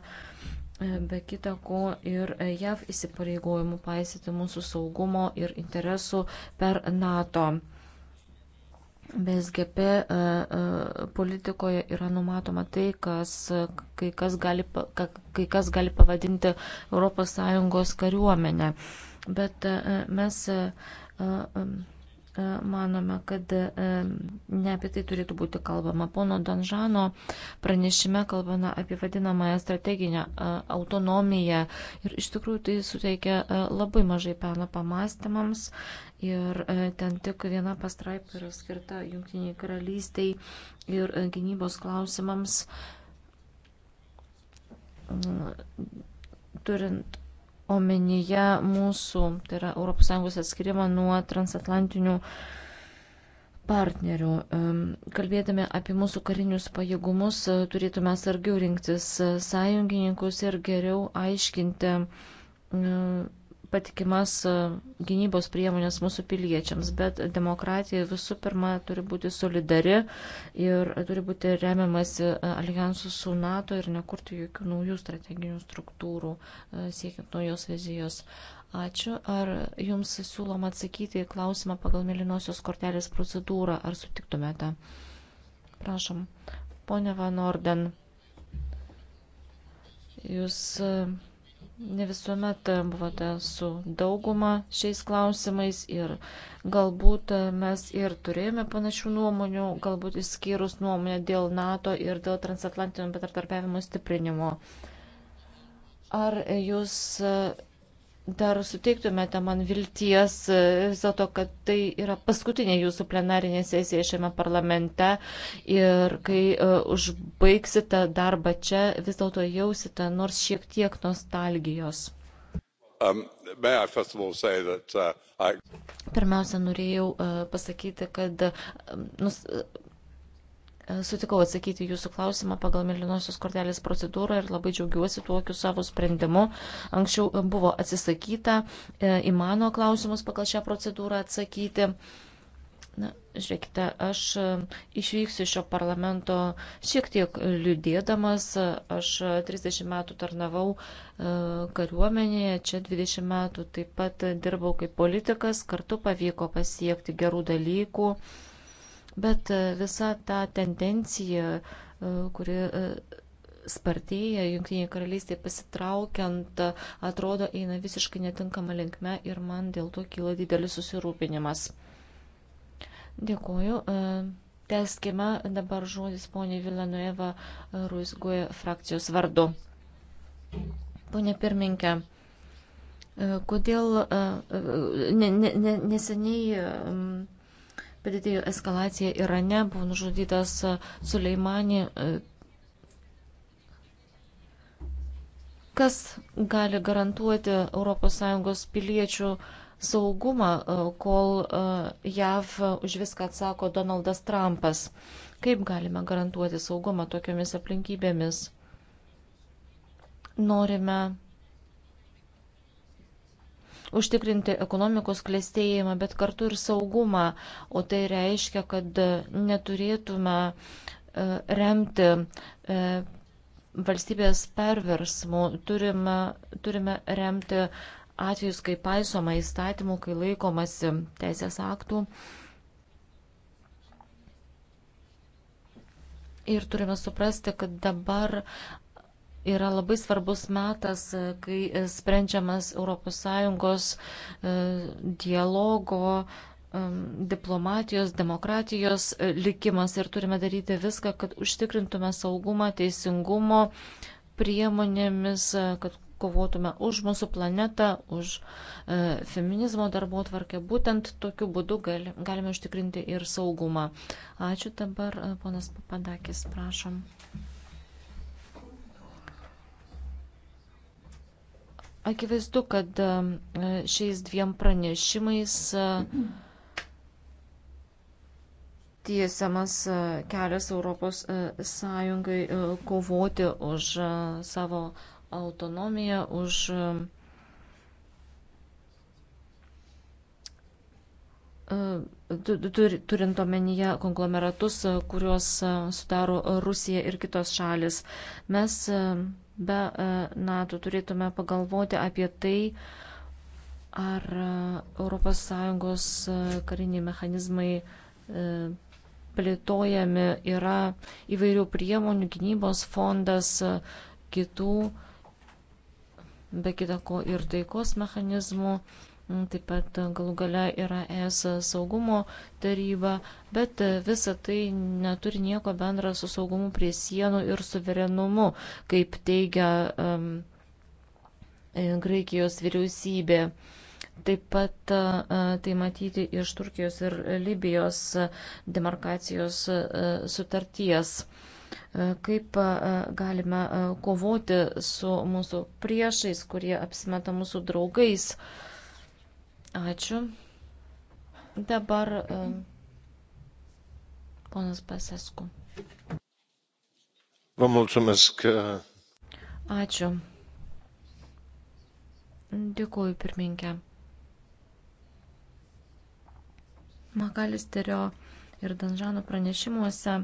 be kita ko ir JAV įsipareigojimų paisyti mūsų saugumo ir interesų per NATO. BSGP e, e, politikoje yra numatoma tai, kas, kai, kas gali, kai kas gali pavadinti ES kariuomenę. Bet e, mes manome, kad ne apie tai turėtų būti kalbama. Pono Danžano pranešime kalbama apie vadinamąją strateginę autonomiją ir iš tikrųjų tai suteikia labai mažai peno pamastymams ir e, ten tik viena pastraipa yra skirta Junktiniai karalystiai ir e, gynybos klausimams. Mm, turint omenyje mūsų, tai yra ES atskirimą nuo transatlantinių partnerių. E, kalbėdami apie mūsų karinius pajėgumus, turėtume sargiau rinktis sąjungininkus ir geriau aiškinti patikimas e, gynybos priemonės mūsų piliečiams, bet demokratija visų pirma turi būti solidari ir turi būti remiamasi e, alijansų su NATO ir nekurti jokių naujų strateginių struktūrų e, siekiant naujos vizijos. Ačiū. Ar jums siūloma atsakyti į klausimą pagal mėlynosios kortelės procedūrą? Ar sutiktumėte? Prašom. Pone Van Orden, jūs ne visuomet buvote su dauguma šiais klausimais ir galbūt mes ir turėjome panašių nuomonių, galbūt išskyrus nuomonę dėl NATO ir dėl transatlantinio bendradarbiavimo stiprinimo. Ar jūs dar suteiktumėte man vilties e, vis dėlto, kad tai yra paskutinė jūsų plenarinė sesija šiame parlamente ir kai e, užbaigsite darbą čia, vis dėlto jausite nors šiek tiek nostalgijos. Um, that, uh, I... Pirmiausia, norėjau uh, pasakyti, kad uh, nus, uh, E, sutikau atsakyti jūsų klausimą pagal Milinosios kortelės procedūrą ir labai džiaugiuosi tokiu savo sprendimu. Anksčiau e, buvo atsisakyta e, į mano klausimus pagal šią procedūrą atsakyti. Na, žiūrėkite, aš išvyksiu iš šio parlamento šiek tiek liūdėdamas. Aš 30 metų tarnavau kariuomenėje, čia 20 metų taip pat dirbau kaip politikas, kartu pavyko pasiekti gerų dalykų. Bet e, visa ta tendencija, e, kuri e, spartėja, jungtinė karalystė pasitraukiant, atrodo, eina visiškai netinkama linkme ir man dėl to kyla didelis susirūpinimas. Dėkuoju. Teskime dabar žodis poniai Vilanueva Ruizgoje frakcijos vardu. Pone pirminkė, kodėl ne, ne, ne, neseniai padidėjo eskalacija Irane, buvo nužudytas e, Suleimani. E. Kas gali garantuoti ES piliečių saugumą, e, kol JAV už viską atsako Donaldas Trumpas? Kaip galime garantuoti saugumą tokiomis aplinkybėmis? Norime užtikrinti ekonomikos klėstėjimą, bet kartu ir saugumą. O tai reiškia, kad neturėtume e, remti e, valstybės perversmų, turime, turime remti atvejus, kai paisoma įstatymų, kai laikomasi teisės aktų. Ir turime suprasti, kad dabar yra labai svarbus metas, e, kai e, sprendžiamas ES e, dialogo, diplomatijos, demokratijos likimas ir turime daryti viską, kad užtikrintume saugumą, teisingumo priemonėmis, kad kovotume už mūsų planetą, už e, feminizmo darbo tvarkę. Būtent tokiu būdu gali, galime užtikrinti ir saugumą. Ačiū dabar, ponas Papadakis, prašom. Akivaizdu, kad šiais dviem pranešimais e, tiesiamas e, kelias Europos e, Sąjungai kovoti už savo autonomiją, už turint omenyje konglomeratus, kuriuos sudaro Rusija ir kitos šalis. Mes be e, NATO turėtume pagalvoti apie tai, ar ES e, kariniai mechanizmai e, plėtojami yra įvairių priemonių, gynybos fondas, kitų, be kita ko ir taikos mechanizmų. Mm, taip pat e, galų gale yra ES saugumo taryba, bet e, visa tai neturi nieko bendra su saugumu prie sienų ir suverenumu, kaip teigia um, Graikijos vyriausybė. Taip pat tai matyti iš Turkijos ir Libijos demarkacijos sutarties kaip galime kovoti su mūsų priešais, kurie apsimeta mūsų draugais. Ačiū. Dabar e, ponas Pasesku. Vă mulțumesc. Ačiū. Dėkuoju, pirminkė. Makalisterio ir Danžano pranešimuose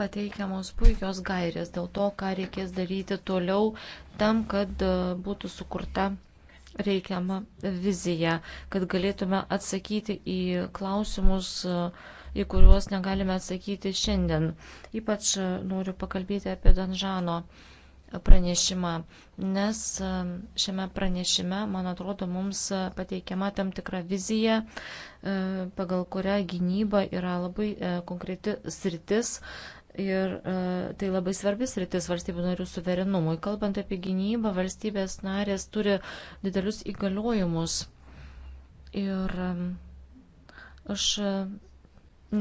pateikiamos puikios gairės dėl to, ką reikės daryti toliau tam, kad e, būtų sukurta reikiamą viziją, kad galėtume atsakyti į klausimus, į kuriuos negalime atsakyti šiandien. Ypač e, noriu pakalbėti apie Danžano pranešimą, nes e, šiame pranešime, man atrodo, mums pateikiama tam tikra vizija, e, pagal kurią gynyba yra labai konkreti sritis, Ir e, tai labai svarbis rytis valstybių narių suverenumui. Kalbant apie gynybą, valstybės narės turi didelius įgaliojimus. Ir e, aš e,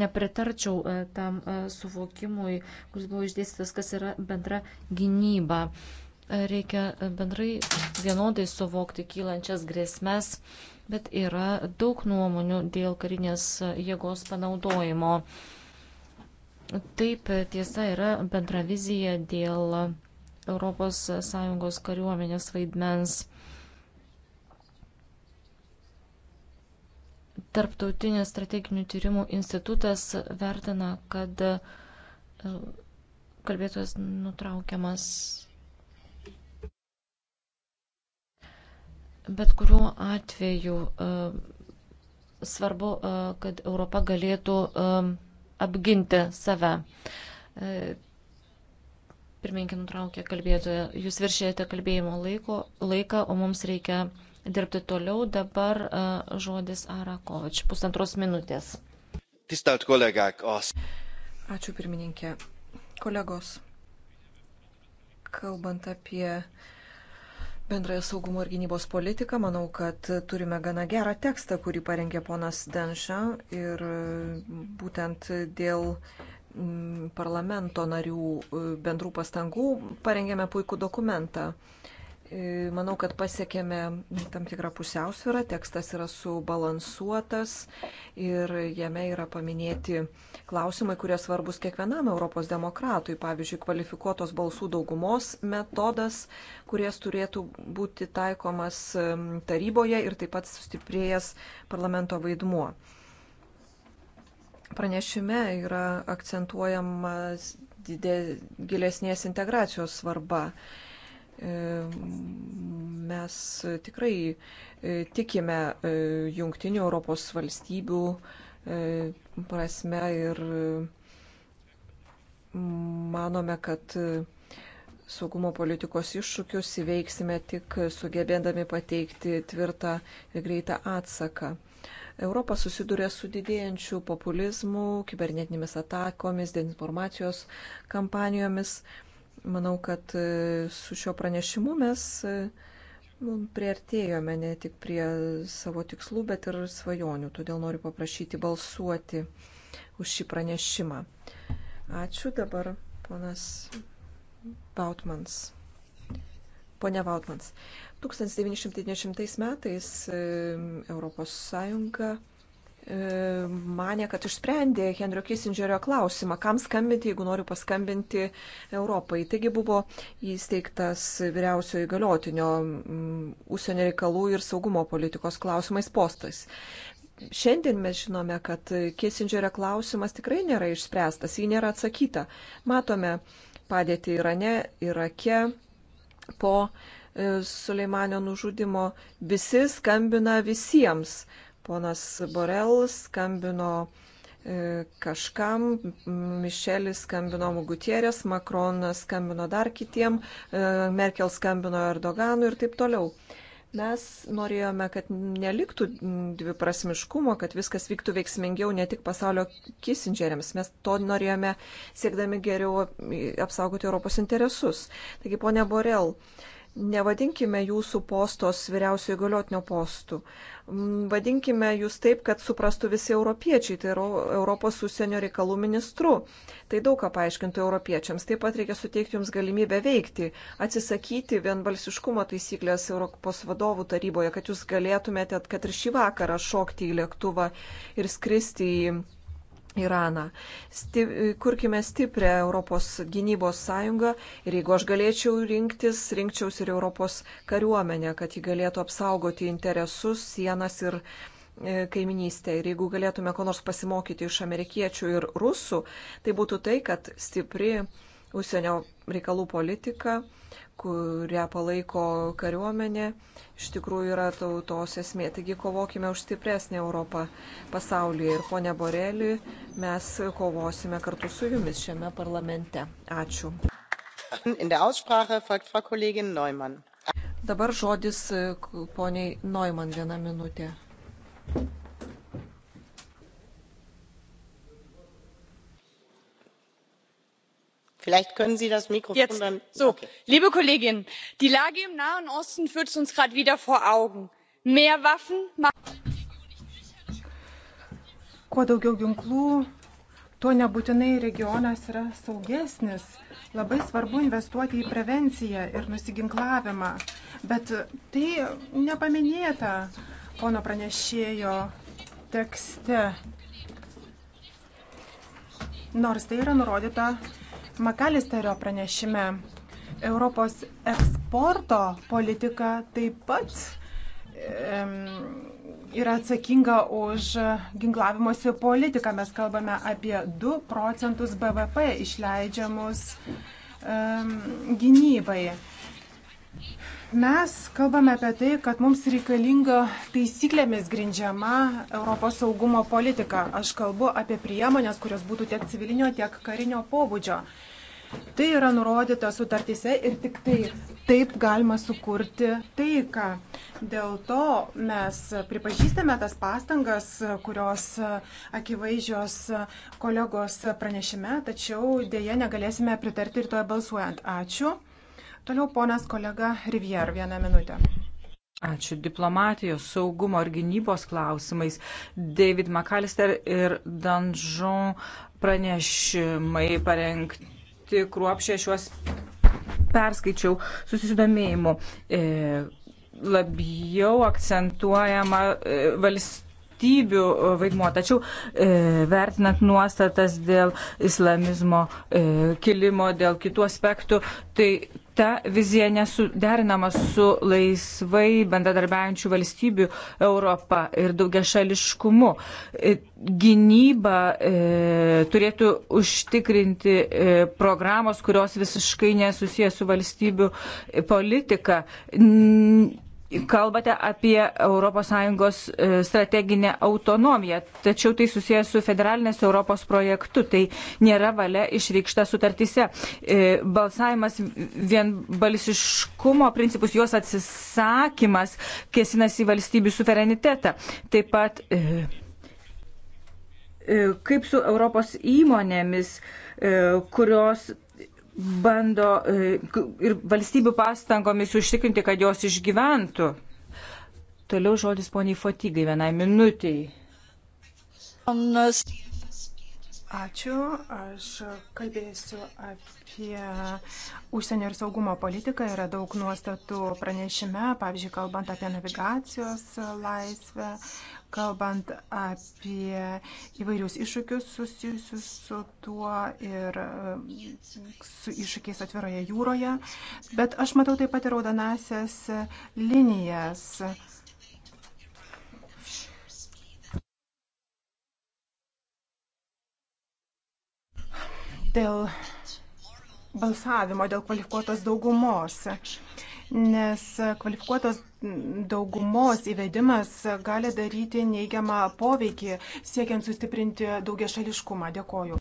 nepritarčiau e, tam e, suvokimui, kuris buvo išdėstytas, kas yra bendra gynyba. E, reikia e, bendrai vienodai suvokti kylančias grėsmes, bet yra daug nuomonių dėl karinės e, jėgos panaudojimo. E, Taip, tiesa yra bendra vizija dėl ES kariuomenės vaidmens. Tarptautinis strateginių tyrimų institutas vertina, kad e, kalbėtojas nutraukiamas. Bet kuriuo atveju e, svarbu, e, kad Europa galėtų apginti save. E, Pirminkė nutraukė kalbėtoją, jūs viršėjate kalbėjimo laiko, laiką, o mums reikia dirbti toliau. Dabar e, žodis Arakovič, pusantros minutės. Tistelt kolegák, az. Ačiū pirmininkė. Kolegos, kalbant apie bendrąją saugumo ir gynybos politiką. Manau, kad turime gana gerą tekstą, kurį parengė ponas Denša ir mm, būtent dėl mm, parlamento narių mm, bendrų pastangų parengėme puikų dokumentą. E, manau, kad pasiekėme tam tikrą pusiausvyrą, tekstas yra subalansuotas ir jame yra paminėti klausimai, kurie svarbus kiekvienam Europos demokratui, pavyzdžiui, kvalifikuotos balsų daugumos metodas, kuries turėtų būti taikomas taryboje ir taip pat sustiprėjęs parlamento vaidmuo. Pranešime yra akcentuojamas didė, gilesnės integracijos svarba. E, mes tikrai e, tikime e, jungtinių Europos valstybių prasme ir manome, kad saugumo politikos iššūkius įveiksime tik sugebėdami pateikti tvirtą ir greitą atsaką. Europa susiduria su didėjančiu populizmu, kibernetinėmis atakomis, dezinformacijos kampanijomis. Manau, kad e, su šio pranešimu mes e, nu, priartėjome ne tik prie savo tikslų, bet ir svajonių. Todėl noriu paprašyti balsuoti už šį pranešimą. Ačiū dabar, ponas Bautmans. Pone Vautmans, 1990 metais e, Europos Sąjunga E, mane, kad išsprendė Henrio Kissingerio klausimą, kam skambinti, jeigu noriu paskambinti Europai. Taigi buvo įsteigtas vyriausio įgaliotinio užsienio reikalų ir saugumo politikos klausimais postas. Šiandien mes žinome, kad Kissingerio klausimas tikrai nėra išspręstas, jį nėra atsakyta. Matome padėti Irane, Irake po e, Suleimanio nužudimo. Visi skambina visiems Ponas Borel skambino e, kažkam, Mišelis skambino Mugutierės, Makronas skambino dar kitiem, e, Merkel skambino Erdoganui ir taip toliau. Mes norėjome, kad neliktų dviprasmiškumo, kad viskas vyktų veiksmingiau ne tik pasaulio kisindžeriams. Mes to norėjome siekdami geriau apsaugoti Europos interesus. Taigi, ponė Borel, nevadinkime jūsų postos vyriausiojo galiotinio postų. Mm, vadinkime jūs taip, kad suprastų visi europiečiai, tai yra Europos užsienio reikalų ministru. Tai daug ką paaiškintų europiečiams. Taip pat reikia suteikti jums galimybę veikti, atsisakyti vienbalsiškumo taisyklės Europos vadovų taryboje, kad jūs galėtumėte, kad ir šį vakarą šokti į lėktuvą ir skristi į Iraną. Stip, kurkime stiprią Europos gynybos sąjungą ir jeigu aš galėčiau rinktis, rinkčiausi ir Europos kariuomenę, kad ji galėtų apsaugoti interesus, sienas ir e, kaiminystę. Ir jeigu galėtume ko nors pasimokyti iš amerikiečių ir rusų, tai būtų tai, kad stipri užsienio reikalų politika kurią palaiko kariuomenė, iš tikrųjų yra tautos esmė. Taigi kovokime už stipresnį Europą pasaulyje. Ir ponė Borelį, mes kovosime kartu su jumis šiame parlamente. Ačiū. Dabar žodis poniai Neumann vieną minutę. liebe kollegin die lage im nahen osten führt uns gerade wieder vor augen mehr waffen kuo daugiau ginklų tuo nebūtinai regionas yra saugesnis labai svarbu investuoti į prevenciją ir nusiginklavimą bet tai nepaminėta pono pranešėjo tekste nors tai yra nurodyta Makalisterio pranešime Europos eksporto politika taip pat yra atsakinga už ginklavimosi politiką. Mes kalbame apie 2 procentus BVP išleidžiamus gynybai. Mes kalbame apie tai, kad mums reikalinga taisyklėmis grindžiama Europos saugumo politika. Aš kalbu apie priemonės, kurios būtų tiek civilinio, tiek karinio pobūdžio. Tai yra nurodyta sutartyse ir tik tai taip galima sukurti taiką. Dėl to mes pripažįstame tas pastangas, kurios akivaizdžios kolegos pranešime, tačiau dėje negalėsime pritarti ir toje balsuojant. Ačiū. Toliau ponas kolega Rivier, vieną minutę. Ačiū diplomatijos, saugumo ir gynybos klausimais. David McAllister ir Danžon pranešimai parengti kruopšė šiuos perskaičiau susidomėjimu. E, labiau akcentuojama e, valstybė valstybių e, vaidmuo. Tačiau e, vertinant nuostatas dėl islamizmo e, kilimo, dėl kitų aspektų, tai ta vizija nesuderinama su laisvai bendradarbiaujančių valstybių Europą ir daugia šališkumu. E, gynyba e, turėtų užtikrinti e, programos, kurios visiškai nesusijęs su valstybių e, politika. N kalbate apie ES e, strateginę autonomiją, tačiau tai susijęs su federalinės Europos projektu, tai nėra valia išreikšta sutartyse. E, balsavimas vienbalsiškumo principus, jos atsisakymas kėsinasi į valstybių suverenitetą. Taip pat e, kaip su Europos įmonėmis, kurios bando e, ir valstybių pastangomis užtikrinti, kad jos išgyventų. Toliau žodis poniai Fotygai vienai minutiai. Ačiū. Aš kalbėsiu apie užsienio ir saugumo politiką. Yra daug nuostatų pranešime, pavyzdžiui, kalbant apie navigacijos laisvę, kalbant apie įvairius iššūkius susijusius su tuo ir e, su iššūkiais atviroje jūroje. Bet aš matau taip pat ir raudonasias linijas. Dėl balsavimo, dėl kvalifikuotos daugumos nes kvalifikuotos daugumos įvedimas gali daryti neigiamą poveikį, siekiant sustiprinti daugia šališkumą. Dėkoju.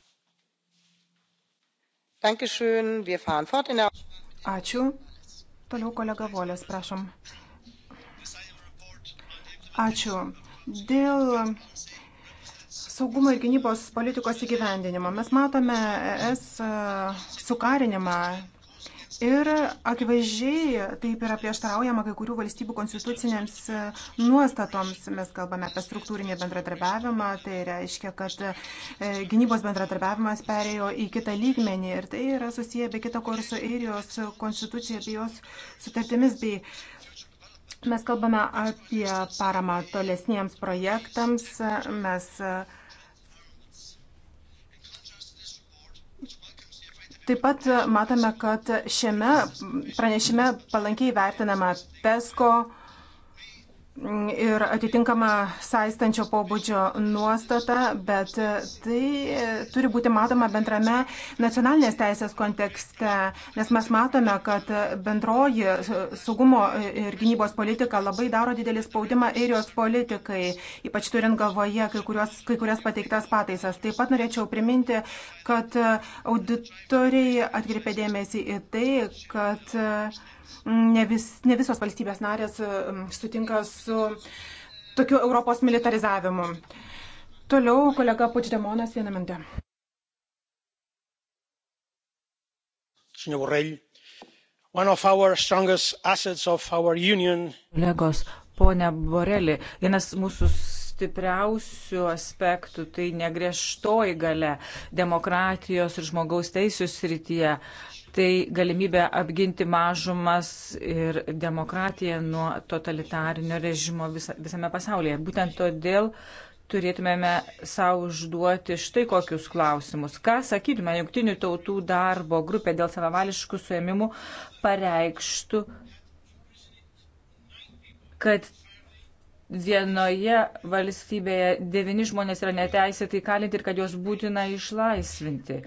Ačiū. Toliau kolega Volės, prašom. Ačiū. Dėl saugumo ir gynybos politikos įgyvendinimo mes matome es sukarinimą Ir akivaizdžiai taip yra prieštraujama kai kurių valstybių konstitucinėms e, nuostatoms. Mes kalbame apie struktūrinį bendradarbiavimą, tai reiškia, kad e, gynybos bendradarbiavimas perėjo į kitą lygmenį ir tai yra susiję be kita ko ir su Airijos konstitucija bei jos sutartimis bei Mes kalbame apie paramą tolesniems projektams, mes Taip pat matome, kad šiame pranešime palankiai vertinama PESCO ir atitinkama saistančio pobūdžio nuostata, bet tai e, turi būti matoma bendrame nacionalinės teisės kontekste, nes mes matome, kad bendroji saugumo ir gynybos politika labai daro didelį spaudimą ir jos politikai, ypač turint galvoje kai, kurios, kai kurias pateiktas pataisas. Taip pat norėčiau priminti, kad auditoriai atkreipė dėmesį į tai, kad ne, vis, ne visos valstybės narės um, sutinka su tokiu Europos militarizavimu. Toliau kolega Puigdemonas vieną minutę. Kolegos, ponia Borelį, vienas mūsų stipriausių aspektų, tai negriežtoji gale demokratijos ir žmogaus teisų srityje tai galimybė apginti mažumas ir demokratiją nuo totalitarinio režimo visa, visame pasaulyje. Būtent todėl turėtumėme savo užduoti štai kokius klausimus. Ką sakytume, jungtinių tautų darbo grupė dėl savavališkų suėmimų pareikštų, kad vienoje valstybėje devyni žmonės yra neteisėtai kalinti ir kad juos būtina išlaisvinti.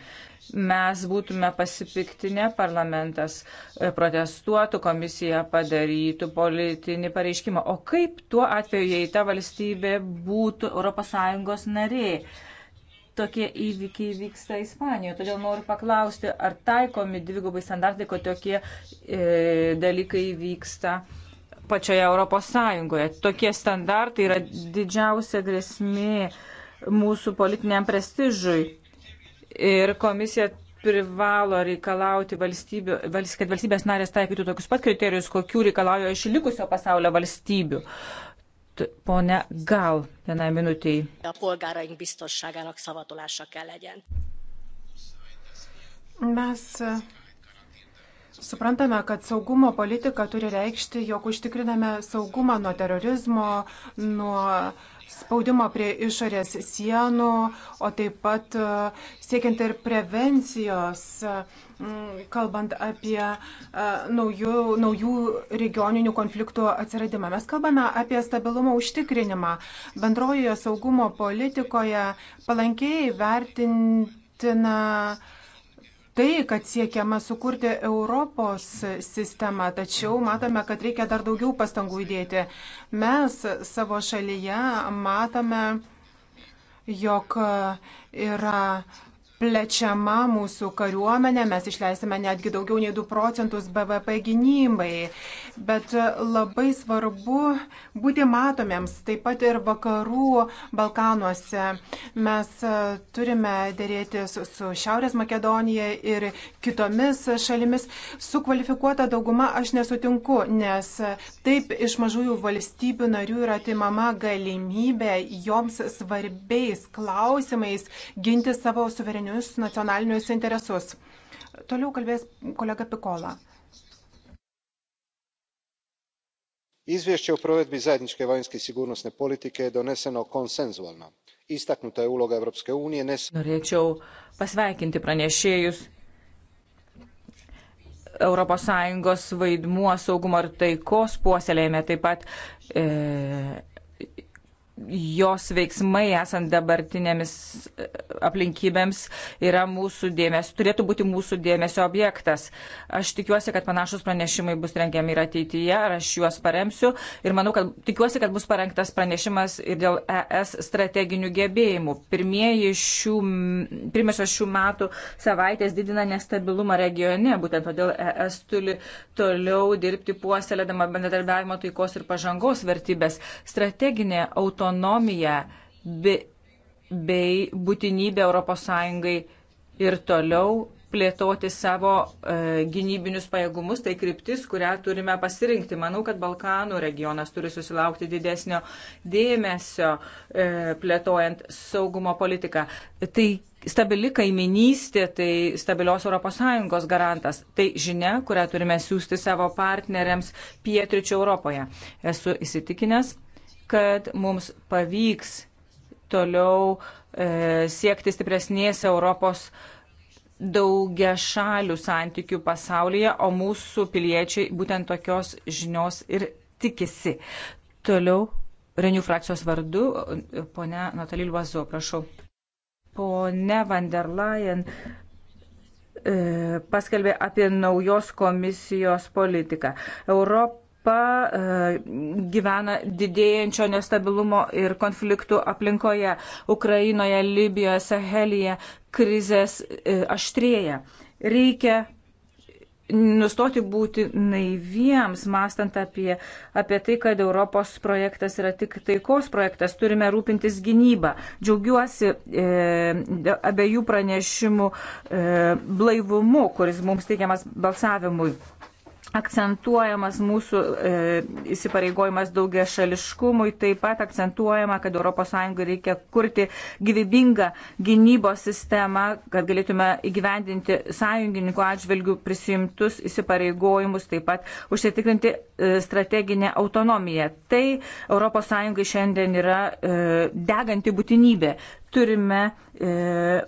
Mes būtume pasipiktinę, parlamentas e, protestuotų, komisija padarytų politinį pareiškimą. O kaip tuo atveju, jei ta valstybė būtų ES narė? Tokie įvykiai vyksta Ispanijoje. Todėl noriu paklausti, ar taikomi dvigubai standartai, kad tokie e, dalykai vyksta. E, pačioje Europos Sąjungoje. Tokie standartai yra didžiausia grėsmė mūsų politiniam prestižui. Ir komisija privalo reikalauti, valstybių, kad valstybės narės taikytų tokius pat kriterijus, kokių reikalauja iš likusio pasaulio valstybių. Pone Gal, vienai minutiai. Mes Suprantame, kad saugumo politika turi reikšti, jog užtikriname saugumą nuo terorizmo, nuo spaudimo prie išorės sienų, o taip pat e, siekiant ir prevencijos, e, kalbant apie e, naujų, naujų regioninių konfliktų atsiradimą. Mes kalbame apie stabilumo užtikrinimą. Bendrojoje saugumo politikoje palankiai vertintina tai, kad siekiama sukurti Europos sistemą, tačiau matome, kad reikia dar daugiau pastangų įdėti. Mes savo šalyje matome, jog yra plečiama mūsų kariuomenė, mes išleisime netgi daugiau nei 2 procentus BVP gynybai. Bet labai svarbu būti matomiems, taip pat ir vakarų Balkanuose. Mes e, turime dėrėtis su Šiaurės Makedonija ir kitomis šalimis. Su kvalifikuota dauguma aš nesutinku, nes taip iš mažųjų valstybių narių yra atimama galimybė joms svarbiais klausimais ginti savo suverenių esminius nacionalinius interesus. Toliau kalbės kolega Pikola. Izvješće o provedbi zajedničke vanjske i sigurnosne politike je doneseno konsenzualno. Istaknuta je uloga Europske unije. Nes... Norėčiau pasveikinti pranešėjus ES vaidmuo saugumo ir taikos puoselėjime taip pat e, jos veiksmai esant dabartinėmis e, aplinkybėms yra mūsų dėmesio, turėtų būti mūsų dėmesio objektas. Aš tikiuosi, kad panašus pranešimai bus rengiami ir ateityje, ar aš juos paremsiu ir manau, kad tikiuosi, kad bus parengtas pranešimas ir dėl ES strateginių gebėjimų. Šių, pirmiosios šių metų savaitės didina nestabilumą regione, būtent todėl ES turi toliau dirbti puoselėdama bendradarbiavimo taikos ir pažangos vertybės. Strateginė autonomija autonomiją bei būtinybę ES ir toliau plėtoti savo e, gynybinius pajėgumus, tai kryptis, kurią turime pasirinkti. Manau, kad Balkanų regionas turi susilaukti didesnio dėmesio e, plėtojant saugumo politiką. Tai stabili kaiminystė, tai stabilios ES garantas. Tai žinia, kurią turime siūsti savo partneriams pietričio Europoje. Esu įsitikinęs kad mums pavyks toliau e, siekti stipresnės Europos daugia šalių santykių pasaulyje, o mūsų piliečiai būtent tokios žinios ir tikisi. Toliau Renių frakcijos vardu, e, ponia Natalija Luazo, prašau. Pone van der Leyen e, paskelbė apie naujos komisijos politiką. Europos Europa e, gyvena didėjančio nestabilumo ir konfliktų aplinkoje - Ukrainoje, Libijoje, Sahelyje krizės e, aštrėja. Reikia nustoti būti naiviems, mastant apie, apie tai, kad Europos projektas yra tik taikos projektas, turime rūpintis gynybą. Džiaugiuosi e, abiejų pranešimų e, blaivumu, kuris mums teikiamas balsavimui akcentuojamas mūsų e, įsipareigojimas daugia šališkumui, taip pat akcentuojama, kad ES reikia kurti gyvybingą gynybos sistemą, kad galėtume įgyvendinti sąjungininkų atžvilgių prisimtus įsipareigojimus, taip pat užsitikrinti e, strateginę autonomiją. Tai ES šiandien yra e, deganti būtinybė. Turime e,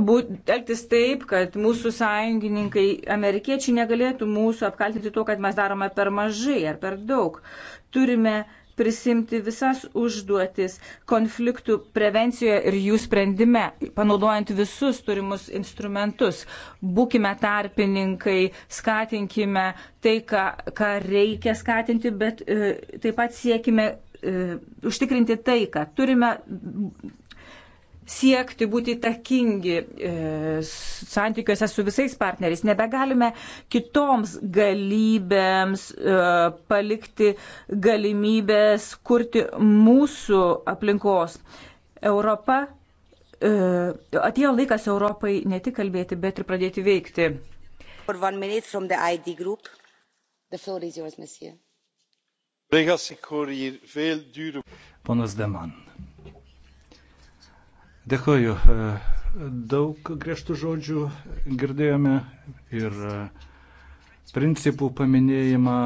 būt, elgtis taip, kad mūsų sąjungininkai, amerikiečiai negalėtų mūsų apkaltinti tuo, kad mes darome per mažai ar per daug. Turime prisimti visas užduotis konfliktų prevencijoje ir jų sprendime, panaudojant visus turimus instrumentus. Būkime tarpininkai, skatinkime tai, ką, ką reikia skatinti, bet e, taip pat siekime e, užtikrinti taiką. Turime siekti būti takingi e, santykiuose su visais partneriais. Nebegalime kitoms galybėms e, palikti galimybės kurti mūsų aplinkos. Europa, e, atėjo laikas Europai ne tik kalbėti, bet ir pradėti veikti. Ponas Deman. Dėkuoju. Daug griežtų žodžių girdėjome ir e, principų paminėjimą,